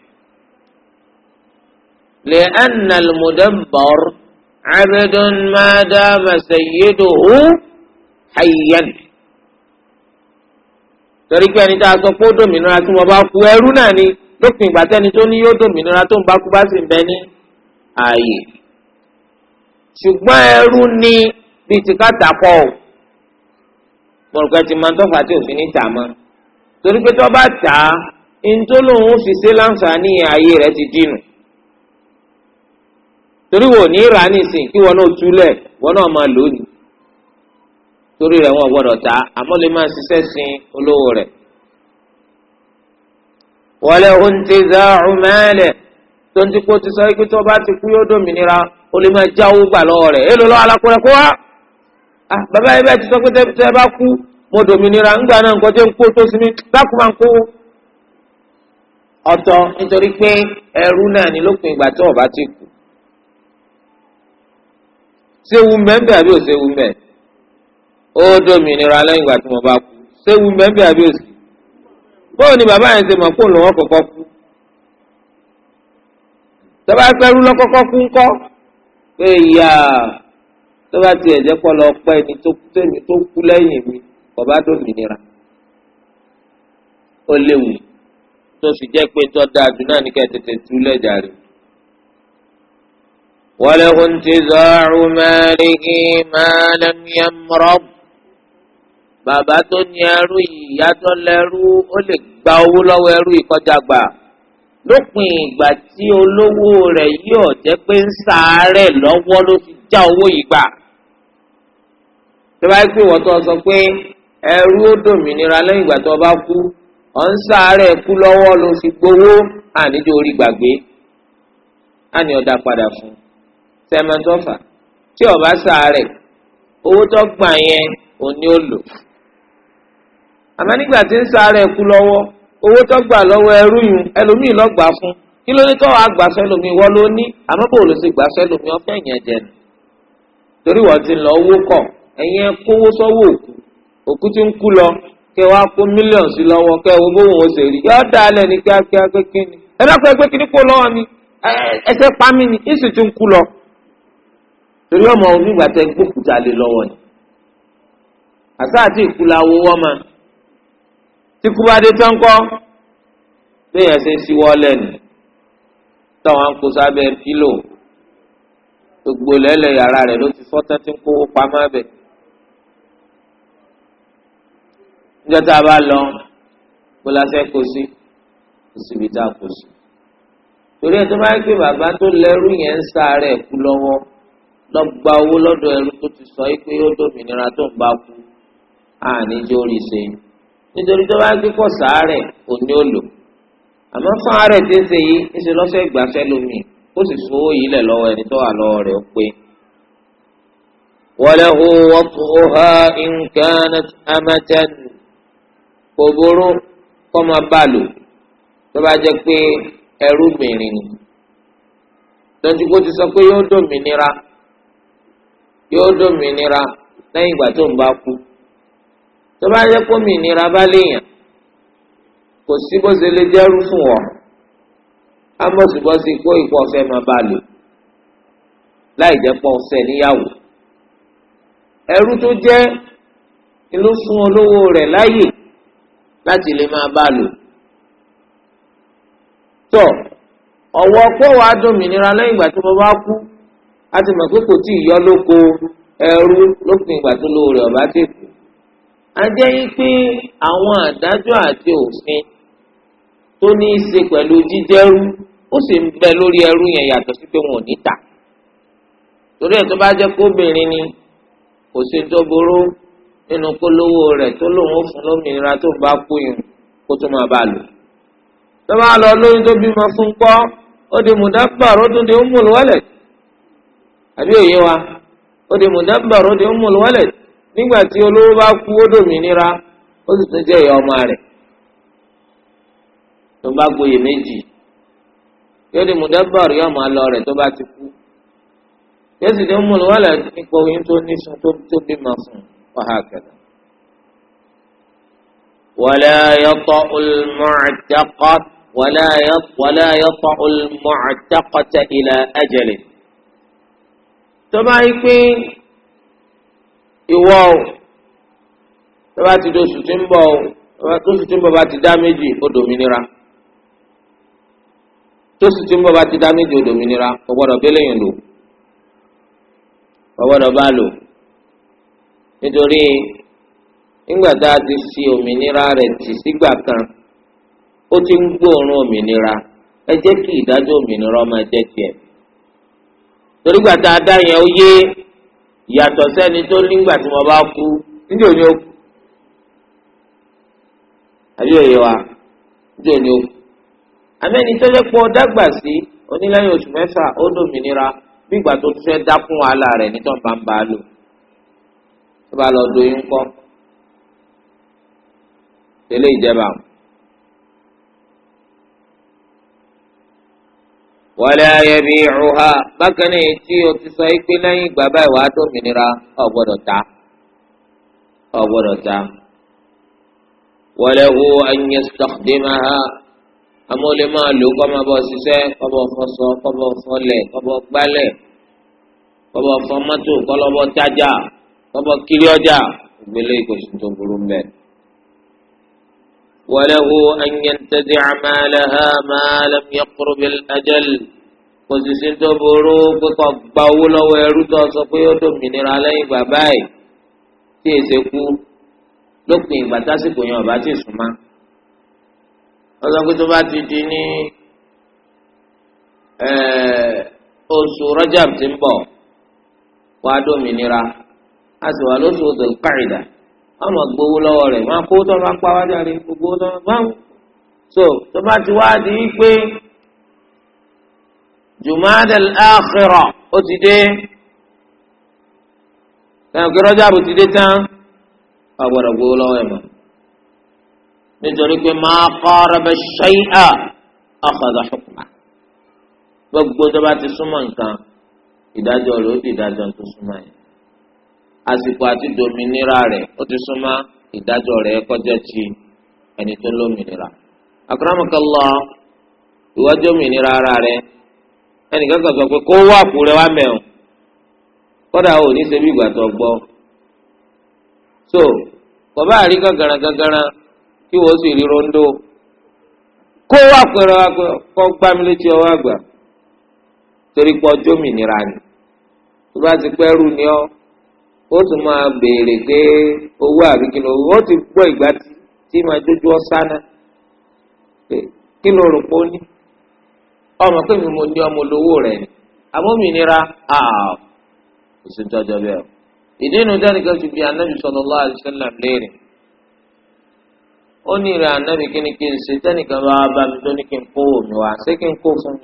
lè لأن المدبر عبد ما دام سيده حيا torí pé ẹni tá a sọ pé ó dòmìnira tí wọ́n bá kú ẹrú náà ni lópin ìgbà tẹ́ni tó ní yóò dòmìnira tó ń bá kú bá sì ń bẹ ní ààyè ṣùgbọ́n ẹrú ni bíi ti ká dàpọ̀ o mo rò pé ti máa ń tọ́fà tí òfin ní tà mọ́ torí pé tó bá tà á ntolóhùn fi ṣe láǹfààní ààyè rẹ̀ ti dínú torí wò ní ìrà nísìn kí wọn náà túlẹ̀ wọn náà máa lò ó torí rẹ̀ wọ́n gbọ́dọ̀ ta àmọ́ lè máa ṣiṣẹ́ sin olówó rẹ̀. wọlé oúnjẹ ọmọlẹ tó ń dikó ti sọ pé tó bá ti kú yóò dòmìnira ó lè máa jáwó gbà lọ́wọ́ rẹ̀ èèlò lọ́wọ́ alákùnrin kó wá. Ah, bàbá yìí bẹ́ẹ̀ ti sọ pé tẹ́ ẹ bá kú mo dòmìnira ńgbà náà nǹkan jẹ́ ń kó tó sí mi dákùn máa ń kó. ọ̀tọ̀ nítorí pé ẹrú náà ni lópin ìgbà tó ọba ti kú. ṣé wu mẹ́ńbẹ́ àbí ò ṣe wu mẹ́ẹ̀ ó dòmìnira lẹ́yìn ìgbà tí mo bá kú séwu mẹ́bí àbí òsì bóun ni bàbá yẹn ṣe mọ̀ kó lòun ọ̀kọ̀ọ̀kọ̀ kú tọ́ba fẹ́rú lọ́kọ́kọ́ kú ńkọ́ pé ìyá tọ́ba tiẹ̀ jẹ́ kọ́ lọ pẹ́ ẹni tó kú tẹ́ni tó kú lẹ́yìn mi bàbá dòmìnira ó léwu tó fi jẹ́ pé tó dáa jù náà ní ká tètè tú lẹ́jà rẹ̀. وله انتزاع ماله ما لم يمرض bàbá tó ní ẹrú yìí ìyá tó lẹ́rú ó lè gba owó lọ́wọ́ ẹrú yìí kọjá gbà lópin ìgbà tí olówó rẹ̀ yóò jẹ́ pé ń ṣàárẹ̀ lọ́wọ́ ló fi já owó yìí gbà. tó bá pè wọ́n tó sọ pé ẹrú ó dòmìnira lẹ́yìn ìgbà tó bá kú ọ̀ ń ṣàárẹ̀ kú lọ́wọ́ ló fi gbowó àníjó orí gbàgbé á ọ̀dà padà fún un sẹ́mẹ́ntọ́fà tí ọ̀bá ṣàárẹ̀ owó tó gbà yẹn òní ó lò àmọ́ nígbà tí ń sáré ẹ̀kú lọ́wọ́ owó tó gbà lọ́wọ́ ẹrú yùn ẹlòmíì lọ́gbàá fún kí ló ní káwọn agbàfẹ́ lomi wọ́n ló ní àmọ́ bò ló sì gbàfẹ́ lomi ọ̀fẹ́ yẹn jẹ nù torí wọ́n ti lọ owó kọ̀ ẹ̀yin ẹ kówó sọ́wọ́ òkú òkú ti ń kú lọ kẹ́ wá kó mílíọ̀nù sí lọ́wọ́ kẹ́ wo bó wọn ṣe rí yọ́ da alẹ́ ní kíákíá pé kí ni ẹ dákun ẹgbẹ́ kí ni kó lọ́wọ́ mi ẹsẹ̀ pa mí ni ìsì ti ń kú lọ torí ọmọ onígbàtẹ́ gbókùtà lé lọ́wọ́ ni àṣà àti ìkúlawó wọ́n máa tí kú bá dé tán kọ́ téèyàn ṣe síwọ́ lẹ́nu táwọn kó sábẹ́ pílò gbogbo lẹ́lẹ̀ yàrá rẹ̀ ló ti fọ́tán tí ń kówó pamọ́ bẹ̀. níjọ́ tá a bá lọ kó la fẹ́ kó sí kó tá a kó sí. torí ẹ̀ tó bá ń bàbá tó lẹ́rú yẹn ń sáré kú lọ́wọ́ lọ́gba owó lọ́dọ̀ ẹrú tó ti sọ pé ó dòmìnira tó ń bá kú àníjó rí ṣe nítorí tó bá gbé pọ̀ sàárẹ̀ òní ò lò àmọ́ fún tí ń ṣe yìí ń ṣe lọ́sẹ̀ ìgbafẹ́ lómi ó sì yìí lẹ̀ lọ́wọ́ ẹni tó wà lọ́wọ́ rẹ̀ ó pé. وله وطئها إن كانت أمة kò burú máa tó bá yẹ kó mi ìnira bá léèyàn kò sí bó ṣe lè jẹ́rú fún ọ ámọ̀sibọ́sí kó ipò ọ̀fẹ́ máa bá lò láì jẹ́ pọ̀ ọ̀fẹ́ níyàwó ẹrú tó jẹ́ ló fún olówó rẹ̀ láyè láti lè máa bá lò tọ ọwọ́ pọ̀ wàá dùn mí nira lẹ́yìn ìgbà tí mo bá kú a mọ̀ pé kò tí ì yọ lóko ẹrú lópin ìgbà tó lówó rẹ̀ ọ̀bá tètè a jẹ́ pé àwọn àdájọ́ àti òfin tó ní í ṣe pẹ̀lú jíjẹ́rú ó sì ń bẹ lórí ẹrú yẹn yàtọ̀ sí pé wọn ò ní tà torí ẹ̀ tó bá jẹ́ kóbìnrin ni kò sí tó burú nínú polówó rẹ̀ tó lòun ó fún lómìnira tó bá kú yìí kó tó máa bá lò tó bá lọ lóyún tó bímọ fún pọ́ ó di mùdábàrò ó tún di umul walad àbí òye wa ó di mùdábàrò ó di umul walad nígbà tí olówó bá kú ó dòmìnira ó sì tún jẹ́ ìyá ọmọ rẹ̀ tó bá gboyè méjì yóò di mùdábàr yóò máa rẹ̀ tó bá ti kú yóò sì dé múlò wàlẹ̀ nípa oyún tó ní tó tó bímọ fún wàhálà kẹta. ولا يطأ المعتقة ولا يط ولا يطأ المعتقة tó bá yí pé ìwọ o tó bá ti doṣù tí ń bọ̀ o tó sì ti ń bọ̀ bá ti dá méjì odò mìnira tó sì ti ń bọ̀ bá ti dá méjì odò mìnira kò gbọ́dọ̀ bẹ́lẹ̀ yẹn lò kò gbọ́dọ̀ bá lò nítorí nígbà tá a ti ṣe òmìnira rẹ̀ tì sígbà kan ó ti ń gbóòórùn òmìnira ẹ jẹ́ kí ìdájọ́ òmìnira ọmọ ẹ jẹ́ tiẹ̀ torí gbà tá a dá yẹn ó yé ìyàtọ̀ sẹ́ni tó nígbà tí mo bá kú níjẹ́ òní ó kú àbí òye wa níjẹ́ òní ó kú àmẹ́ni tẹ́lẹ̀ pọ̀ dágbà sí onílẹ̀yìn oṣù mẹ́fà ó dòmìnira bí ìgbà tó fẹ́ dákún wàhálà rẹ̀ nítorí bá ń bá a lò tó bá lọ doyún kọ́ tẹ́lẹ̀ ìjẹba wala yabi'uha bákan náà tí o ti sọ pé lẹ́yìn ìgbà báyìí wàá tó mìnira ò gbọ́dọ̀ ta ò gbọ́dọ̀ ta walahu an yastakhdimaha àmọ́ lè máa lò kọ́ máa ṣiṣẹ́ kọ́ fọṣọ kọ́ fọlẹ̀ kọ́ bọ̀ gbálẹ̀ kọ́ bọ̀ fọmọ́tò kọ́ kiri ọjà ìgbélé ìkòsùn tó burú mẹ́rin. وله أن ينتزع ما لها ما لم يقرب الأجل kò sì sí tó burú pípọ̀ gba owó lọ́wọ́ ẹrú tó sọ pé ó dòmìnira lẹ́yìn bàbá ẹ̀ tí èsè kú lópin ìgbà tásìkò yẹn ọ̀bá ti súnmọ́. wọ́n sọ pé tó bá ti di ní oṣù Rajab tí ń bọ̀ wàá dòmìnira a sì wà lóṣù Dhul Qa'dah wọn mọ gbowó lọ́wọ́ rẹ̀ wọn kó tó bá pa wájà rẹ̀ gbogbo tó bá ń so tó bá ti wá di pé jumadal akhira ó ti dé ẹnìkan rọjà bó ti dé tán wọn gbọ́dọ̀ gbowó lọ́wọ́ ẹ mọ nítorí pé ma qaraba shay'a akhadha hukma gbogbo tó bá ti súnmọ́ nǹkan ìdájọ́ rẹ̀ ó di ìdájọ́ tó súnmọ́ yẹn. àsìkò àti dòmìnira rẹ ó ti súnmọ́ ìdájọ́ rẹ̀ kọjá ti ẹni tó lómìnira. akramakallah ìwájú òmìnira ara rẹ̀ ẹnìkan kan sọ pé kó kódà ní so bàbá àrí gángaran kí wọ́n sì rí rondo kó wá àpò létí àgbà torí ni tó ó tún máa béèrè pé owó àbíkínú ó ti gbọ́ ìgbà tí máa dójú ọ kí ló rò pé ó ní ọmọ pé mi mo ní ọmọ olówó rẹ ni àmọ́ mi nira bẹ́ẹ̀ o ìdí inú dání kan ti bi anabi sallallahu alaihi wasallam léèrè ó ní kí ni kí n ṣe bá bá mi kí n kó omi wá ṣé kí n kó fún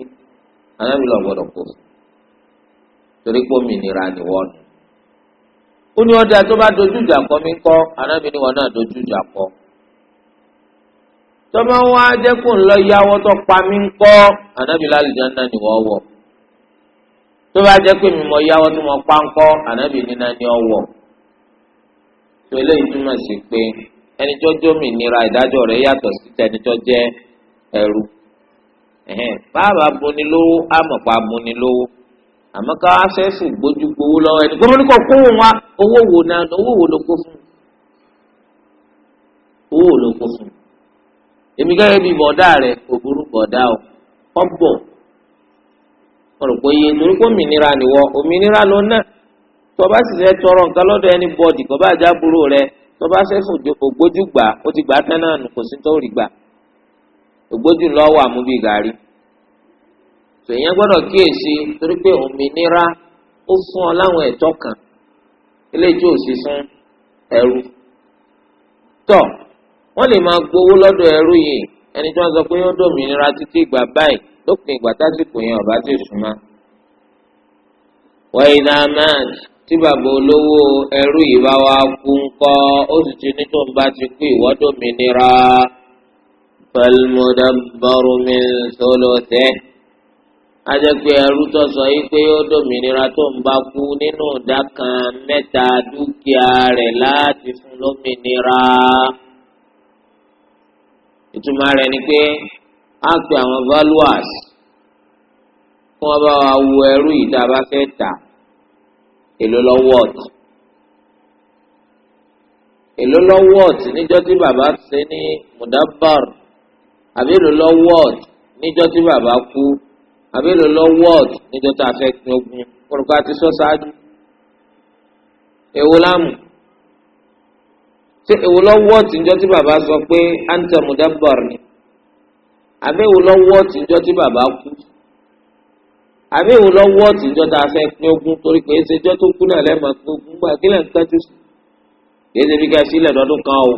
mi lọ kó torí pé omi nira ni wọ́n ó ní ọdẹ tó bá dojú ìjà kọ mí kọ anábì ni wọn náà dojú ìjà kọ tọ́mọ wa jẹ́ kó ń lọ yáwọ́ tó pa mí ń kọ́ anábì lálùjáná ni wọ́n wọ̀ tó bá jẹ́ pé mi mọ yáwọ́ tó mọ pa ń kọ́ anábì nínà ni ọ wọ̀ tó eléyìí túmọ̀ sí pé ẹni tó mi nira ìdájọ́ rẹ̀ yàtọ̀ sí tẹni tó ẹrú bàbá bunilówó àmọ̀pá bunilówó àmọ́ ká sẹ́sì gbójú gbowó lọ́wọ́ ẹni gbogbo nípa kó wọn wá owó wo náà owó wo ló kó fún owó wo ló kó fún èmi gẹ́gẹ́ bíi bọ̀dá rẹ̀ kò burú bọ̀dá o ọ̀bọ̀ ọ̀rọ̀ pé iye torí pé òmìnira nìwọ òmìnira ló ná tó bá sì fẹ́ tọrọ nǹkan lọ́dọ̀ ẹni bọ́ọ̀dì kó bá já búrò rẹ tó bá sẹ́sùn ògbójú gbà ó ti gbà tán náà nù kò sí tó rí gbà ògbójú lọ́wọ́ àmúbi gàrí tòyẹn gbọ́dọ̀ kíyèsí torí pé òmìnira ó fún ọ láwọn ẹ̀tọ́ kan eléjò òsì fún ẹrú tọ wọ́n lè máa gbowó lọ́dọ̀ ẹrú yìí ẹni tí wọ́n sọ pé yóò dòmìnira títí ìgbà báyìí lópin ìgbà tásìkò yẹn ọba ti súnmọ́. wọ́n iná máa tí bàbá olówó ẹrú yìí bá wá kú ńkọ́ ó sì ti ní tó ń bá ti kú ìwọ́ dòmìnira. pẹ̀lú mọ̀dàbọ̀rùmí sọlọ́tẹ̀ ajẹ́pẹ́ ẹrú tó sọ yìí pé ó dòmìnira tó ń bá kú nínú ìdá kan mẹ́ta dúkìá rẹ̀ láti fún lómìnira. ìtumọ̀ rẹ̀ ni pé a pe àwọn valuers kí wọ́n bá wa wo ẹrú ìdá bá fẹ́ tà èló lọ́wọ́ ọ̀tún. èló lọ́wọ́ ọ̀tún níjọ́ tí bàbá ṣe ní mudabar àbí èló lọ́wọ́ ọ̀tún níjọ́ tí bàbá kú àbẹ̀lò lọ wọ́ọ̀dù níjọ́ tá a fẹ́ gbin ogun kọ̀ọ̀kan àti sọ ṣáájú èwo láàmù ṣé èwo lọ wọ́ọ̀dù níjọ́ tí bàbá sọ pé anta mudabbar ni àbẹ̀ èwo lọ wọ́ọ̀dù níjọ́ tí bàbá kú àbẹ̀ èwo lọ wọ́ọ̀dù níjọ́ tá a fẹ́ gbin ogun torí pé ṣe jọ́ tó kú náà lẹ́ẹ̀ma gbin ogun gbà kílẹ̀ ń tẹ́jú sí kìí ṣe bí ká sílẹ̀ lọ́dún kan o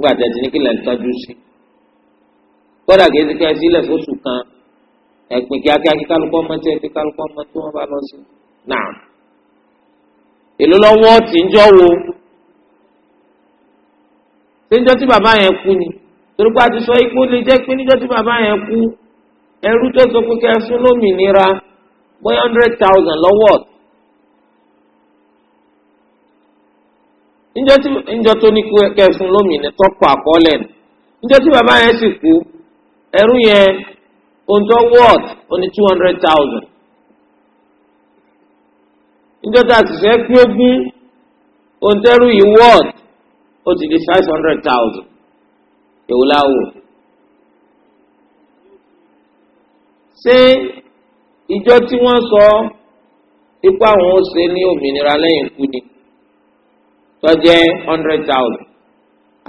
gbàtẹ́ ti ní kílẹ̀ ń tẹ́jú sí kódà kìí ṣe ká sílẹ̀ fóṣù kan ẹ̀pìn kíákíá kí kálukọ́ ọmọ tí ẹ ti kálukọ́ ọmọ tí wọ́n bá lọ sí. náà èló lọ́wọ́ tí ń jọ́ wo ṣé ń jọ́ tí bàbá yẹn kú ni torí pé a ti sọ ipò lè jẹ́ pé níjọ́ tí bàbá yẹn kú ẹrú tó sọ pé kẹsùn lómìnira bóyá hundred thousand lọ́wọ́ níjọ́ tó ní kẹsùn lómìnira tọ́pọ̀ àkọọ́lẹ̀ níjọ́ tí bàbá yẹn sì kú ẹrú yẹn ohun tó wọ́ọ̀t ó ní two hundred thousand níjọ́ta àṣìṣe pín ogún ohun tẹ́rù yìí wọ́ọ̀t ó ti di five hundred thousand èwo láwò. ṣé ìjọ tí wọ́n sọ ipá àwọn ó ṣe ní òmìnira lẹ́yìn ikú ni tọ́jẹ́ hundred thousand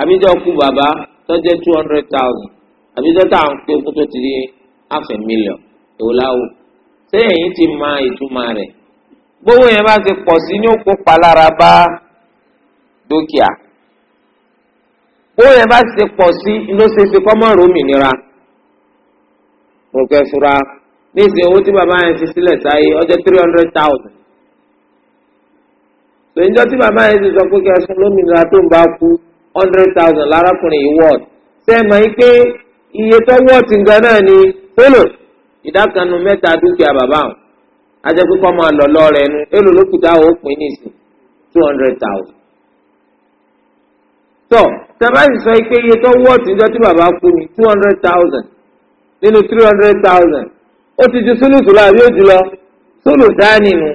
àbíjọ́ kú bàbá tọ́jẹ́ two hundred thousand àbíjọ́ tá à ń pé ogún tó ti di half a million èwo láwù ṣé èyí ti mọ ìtumọ̀ rẹ̀ gbówó yẹn bá ti pọ̀ sí ní òkú palára bá dúkìá gbówó yẹn bá ti pọ̀ sí ló ṣe ṣe kọ́ mọ́rùn òmìnira rògbẹ́ fura ní ìsìn owó tí bàbá yẹn ti sílẹ̀ sáyé ọjọ́ three hundred thousand lóyìnjọ́ tí bàbá yẹn ti sọ pé kẹsùn lómìnira tó ń bá kú hundred thousand lárákùnrin yìí wọ́ọ̀d sẹ́ẹ̀ mọ̀ yìí pé iye tó wọ́ọ̀tì gan náà ni. Elo ìdákanu mẹ́ta dúkìá bàbá àwọn ajẹ́pẹ́ kọ́ máa lọ lọ́ọ̀rẹ́ nu èlò lókùtà ó pín ní ìsìn two hundred thousand. tọ́ sábàbí sọ pé iye tó wọ́ ọ̀túnjọ́ tí bàbá kú ni two hundred thousand nínú three hundred thousand ó ti ju sólùtù lọ àbí òjù lọ sólùtù á nínú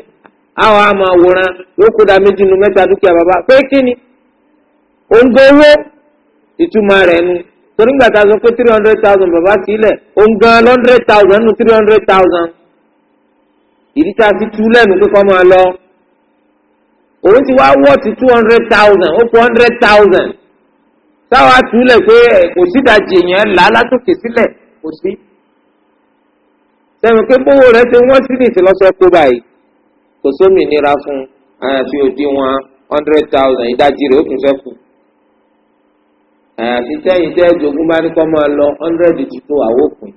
àwọn àmọ àwòrán yóò kó da méjì nu mẹ́ta dúkìá bàbá pé kí ni òǹgbẹ owó ìtumọ̀ rẹ̀ nu torí gbà tá a sọ pé three hundred thousand bàbá sílẹ̀ òun gan hundred thousand nínú three hundred thousand ìdí tá a fi tú lẹ́nu pé kọ́ máa lọ òun ti wá wọ́ọ̀tì two hundred thousand ó kó hundred thousand táwa túlẹ̀ pé kò sídàjì èèyàn là á látòkè sílẹ̀ kò sí. sẹ́mi pé bówó rẹ̀ ṣe wọ́n sí nìtì lọ́sọ̀ kó báyìí kò sómìnira fún àyàfi òdiwọ̀n hundred thousand ìdajì rẹ̀ ó tún fẹ́ kù àyàfi tẹ́yìn tẹ́ jogún bá ní kọ́ máa lọ hundred ti tó àwòkùn.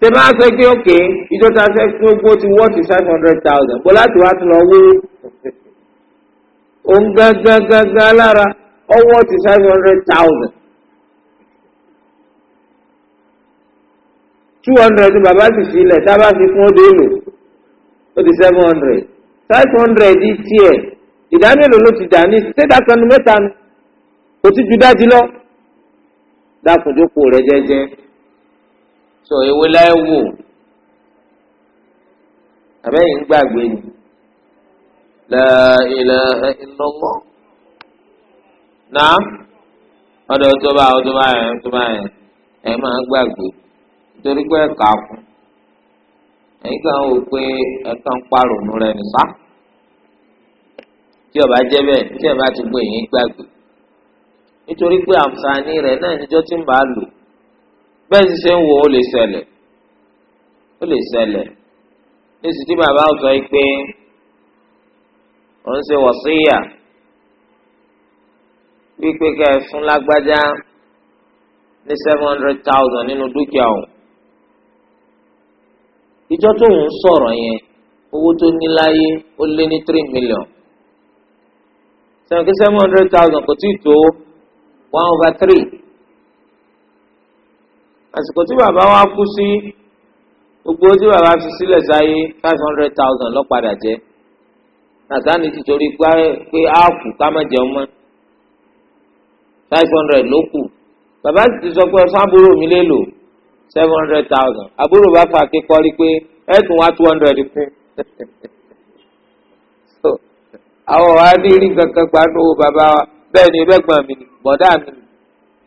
ṣé bá fẹ́ pé òkè ìjọ ta fẹ́ pín owó ti wọ́ọ̀tì five hundred thousand bó láti wá tún lọ wó òun gángan gángan lára ọwọ́ ti five hundred thousand. two hundred ni bàbá sì fi tábà fi fún ọdẹ èlò ó di seven hundred five hundred di tiẹ̀ ìdá mélòó ló ti dà ní ṣé dákanu mẹ́ta nu kò dájú lọ dákùnjókòó rẹ jẹ́jẹ́ sọ ewé láì wò àbẹ́yìn gbàgbé ni la ilaha illallah naam ọ̀dọ̀ tó bá ọ bá yẹn tó bá yẹn ẹ máa gbàgbé nítorí pé ẹ̀ka kún ẹ̀yin kan wò pé ẹ̀ka ń parònú rẹ nìfà tí ó jẹ́ bẹ́ẹ̀ tí ó bá ti gbé yín gbàgbé nítorí pé àǹfààní rẹ̀ náà níjọ́ tí ń bá lò bẹ́ẹ̀ sì ṣe ń wò ó lè ṣẹlẹ̀ ó lè ṣẹlẹ̀ níṣì tí bàbá ò sọ pé òun ṣe wọ̀síyà wípé ká ẹ fún lágbájá ní seven hundred thousand nínú dúkìá òun ìjọ tó ń sọ̀rọ̀ yẹn owó tó ní láyé ó lé ní three million seven hundred thousand kò tí ì tó one over three àsìkò tí bàbá wa kú sí gbogbo tí bàbá fi sílẹ̀ sáyé five hundred thousand ló padà jẹ́ nàtàní ti torí pé a kù ká má jẹun mọ́ five hundred ló kù bàbá sì ti sọ pé ọsán mi lè lò seven hundred thousand àbúrò bá fà kékọ́rí pé ẹ̀ tún wá two hundred So àwọn wa ní rí kankan gbàdúrà bàbá wa bẹ́ẹ̀ ni bẹ́ẹ̀ gbọ́n mi ni. bọ̀dá mi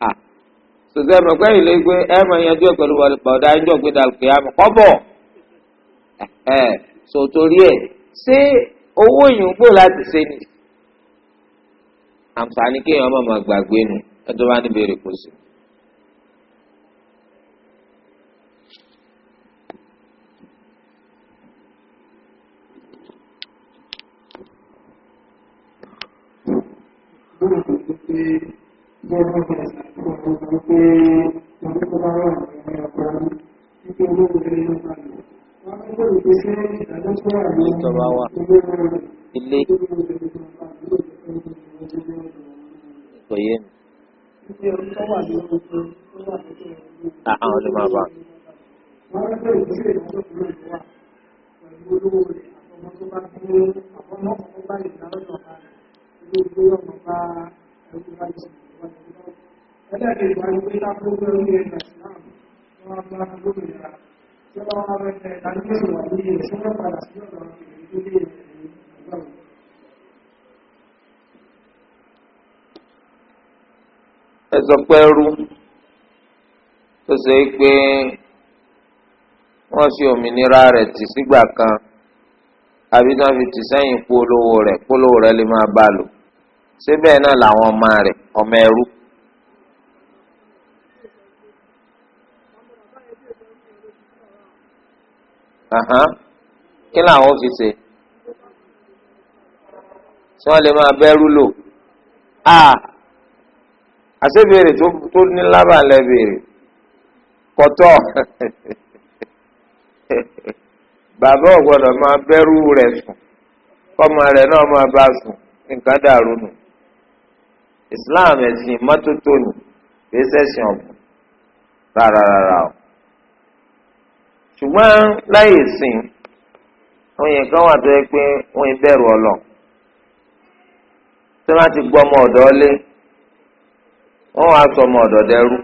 à sọ̀tẹ́ ẹ̀ mọ̀pẹ́ ìlú gbé ẹ̀ mọ̀ pẹ̀lú bọ̀dá gbé dàlùkì kọ́bọ̀ ẹ̀ ẹ̀ ṣé owó láti ṣe ni àǹfààní kéèyàn ọmọ ọmọ gbàgbé nu ẹjọ́ bá ní jẹ́ lọ́sẹ̀ òkùnkùn pé ọdún tó bá wà ní ọkọ̀ orí wípé olóògbé ló bá lò. Wọ́n ń gbèrò pé ṣé ìdájọ́ tó ẹlẹ́gbẹ̀ẹ́ ìgbà ìgbé lápúgbé orí ẹ̀nà ìsìláàmù tó wá bá gómìnira tí ó ṣe é pé wọ́n ṣe òmìnira rẹ̀ tì sígbà kan àbí tí wọ́n fi tì sẹ́yìn polówó rẹ̀ polówó rẹ̀ lè máa bá lò síbẹ̀ náà làwọn ọmọ rẹ̀ ọmọ ẹrú. kí làwọn fi ṣe tí wọ́n lè máa bẹ́rú lò a àṣebèrè tó ní lábàlẹ̀ bèrè kọ́tọ́ bàbá ò gbọ́dọ̀ máa bẹ́rú rẹ̀ sùn kọ́mọ rẹ̀ náà máa bá sùn nǹkan dàrú nù islam ẹ̀sìn mọ́tótó ni kìí ṣẹ̀sìn ọ̀bùn rárá rárá o ṣùgbọ́n láyè sìn àwọn yẹn kan wà tó yẹ pé wọ́n ń bẹ̀rù ọlọ́ tí wọ́n ti gbọ́ ọmọ ọ̀dọ́ lé wọ́n wá sọ ọmọ ọ̀dọ́ dẹrú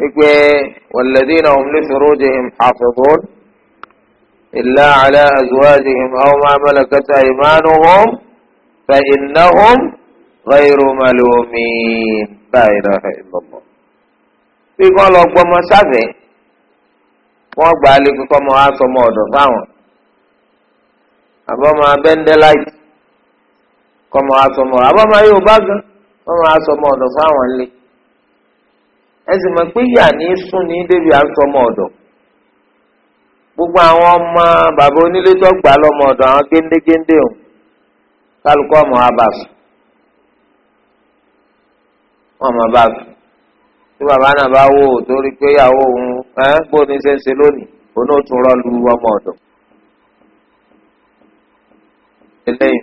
wípé walladhina hum li furujihim hafidhun illa ala azwajihim aw ma malakat aymanuhum fa innahum ghayru malumin la ilaha illallah. bí kò lọ gbọmọ sáfẹ́ wọ́n gbà á lé kíkọ́ mọ́ asọmọ ọ̀dọ̀ fáwọn àbọ̀mọ abẹ́ndẹ́láìtì kọ́mọ asọmọ àbọ̀mọ Yorùbá gan kọ́mọ asọmọ ọ̀dọ̀ fáwọn ńlẹ̀ ẹ sì pé yà ní sùn ní débi asọmọ ọ̀dọ̀ gbogbo àwọn ọmọ bàbá onílé tó gbà lọ́mọ ọ̀dọ̀ àwọn géńdégéńdé òun kálukọ́ ọmọ abàfù wọn mọ abàfù tí bàbá náà bá wò ó torí pé ìyàwó òun ẹ bó ni ṣe ń ṣe lónìí òun ó tún rọ lu ọmọ ọ̀dọ̀ eléyìí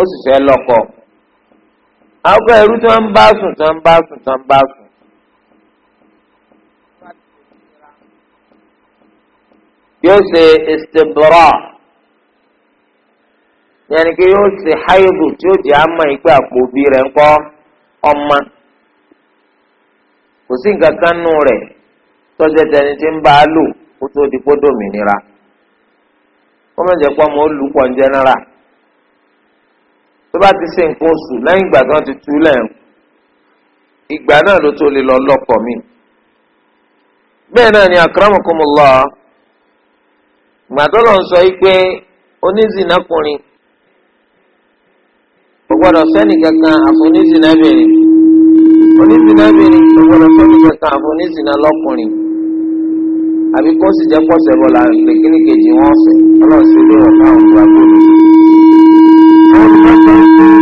ó sì fẹ́ lọ́kọ àwọn ẹrú tí wọ́n ń bá sùn tí wọ́n ń bá sùn tí wọ́n bá sùn. yóò ṣe yẹnni di ama ikpe akpa rẹ̀ ńkọ́ ọmọ kò sí nǹkan kan nù rẹ̀ tọ́jú ẹni tí ń bá a lò kó tó di kó dòmìnira tó bá ti ṣe nǹkan oṣù lẹ́yìn ìgbà kan ti tú lẹ́rù ìgbà náà ló tó lè lọ lọ́kọ mi. bẹ́ẹ̀ náà ni akramakumullah gbàdọ́lọ̀ ń sọ yìí pé onízìnnákùnrin kò gbọ́dọ̀ sẹ́ni kankan àfonízìnnábìnrin onízìnnábìnrin kò gbọ́dọ̀ sẹ́ni kankan àfonízìnnálọ́kùnrin àbí kó sì jẹ́ pọ̀sẹ̀ bọ̀ làlẹ́ kíníkejì wọn ọ̀sẹ̀ ọlọ́ọ̀sẹ̀ ló rọ̀ fáwọn ìgbà tó lù Gracias.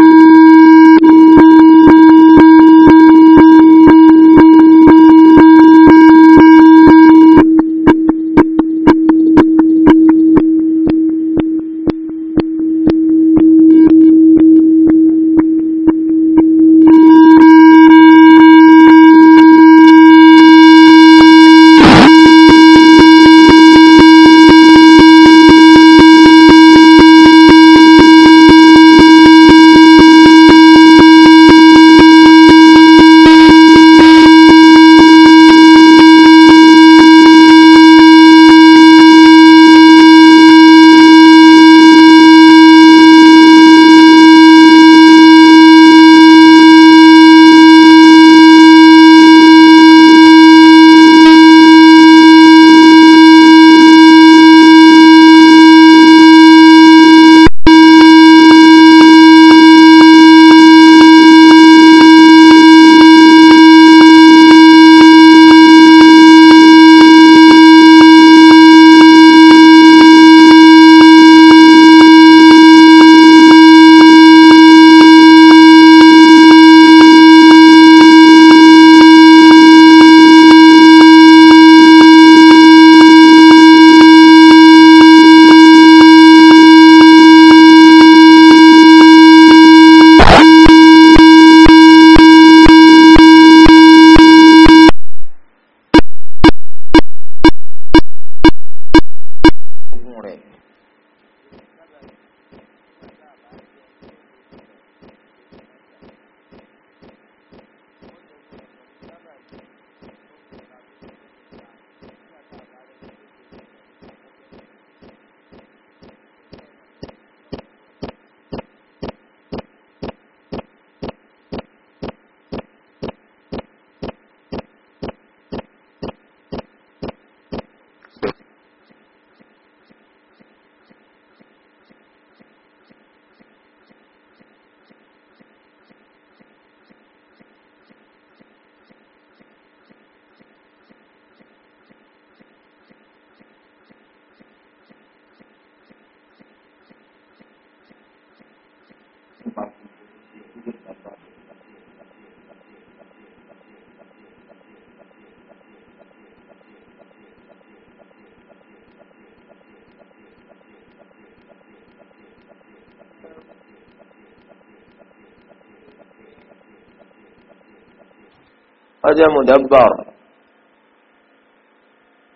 ọjọ́ mudabbar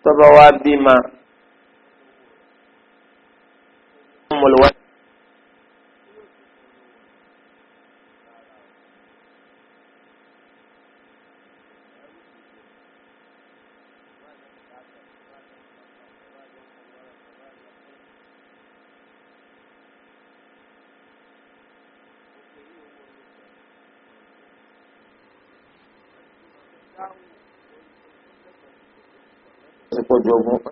tọ́ba wa bímọ. जो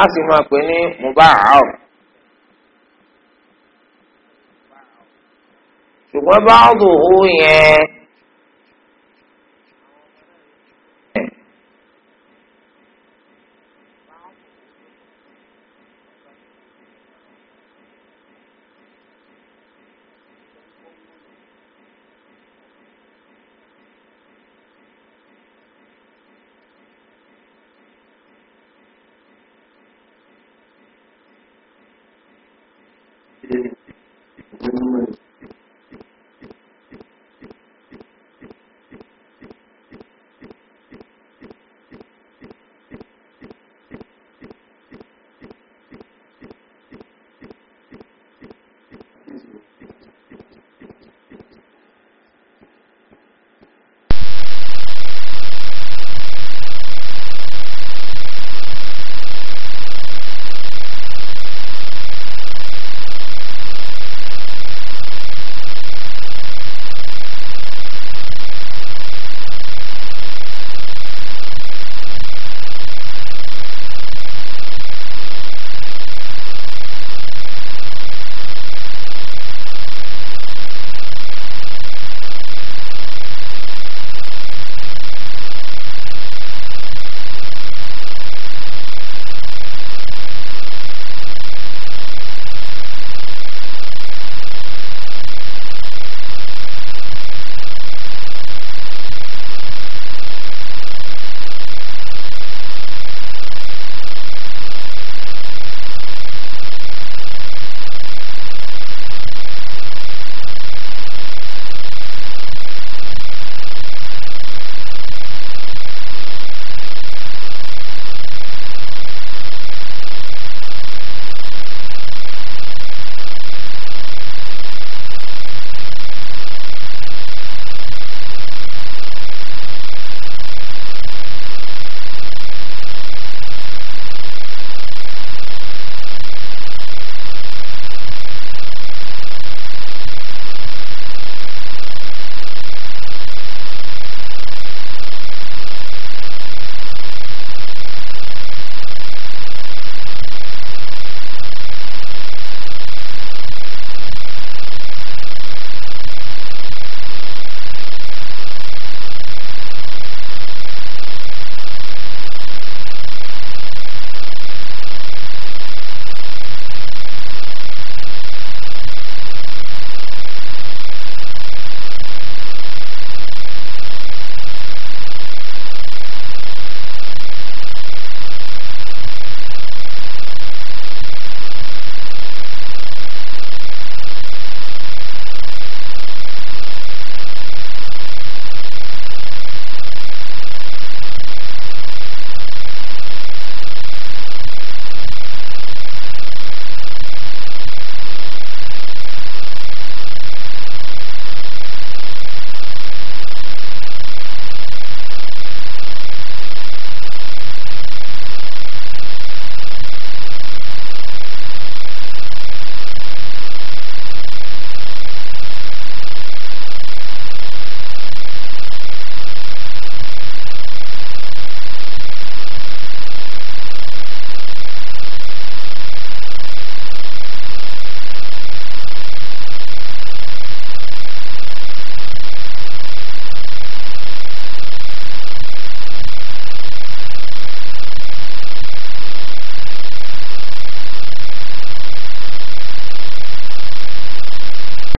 a sì máa pè ní mubaaw ṣùgbọ́n báwùdù hù yẹn living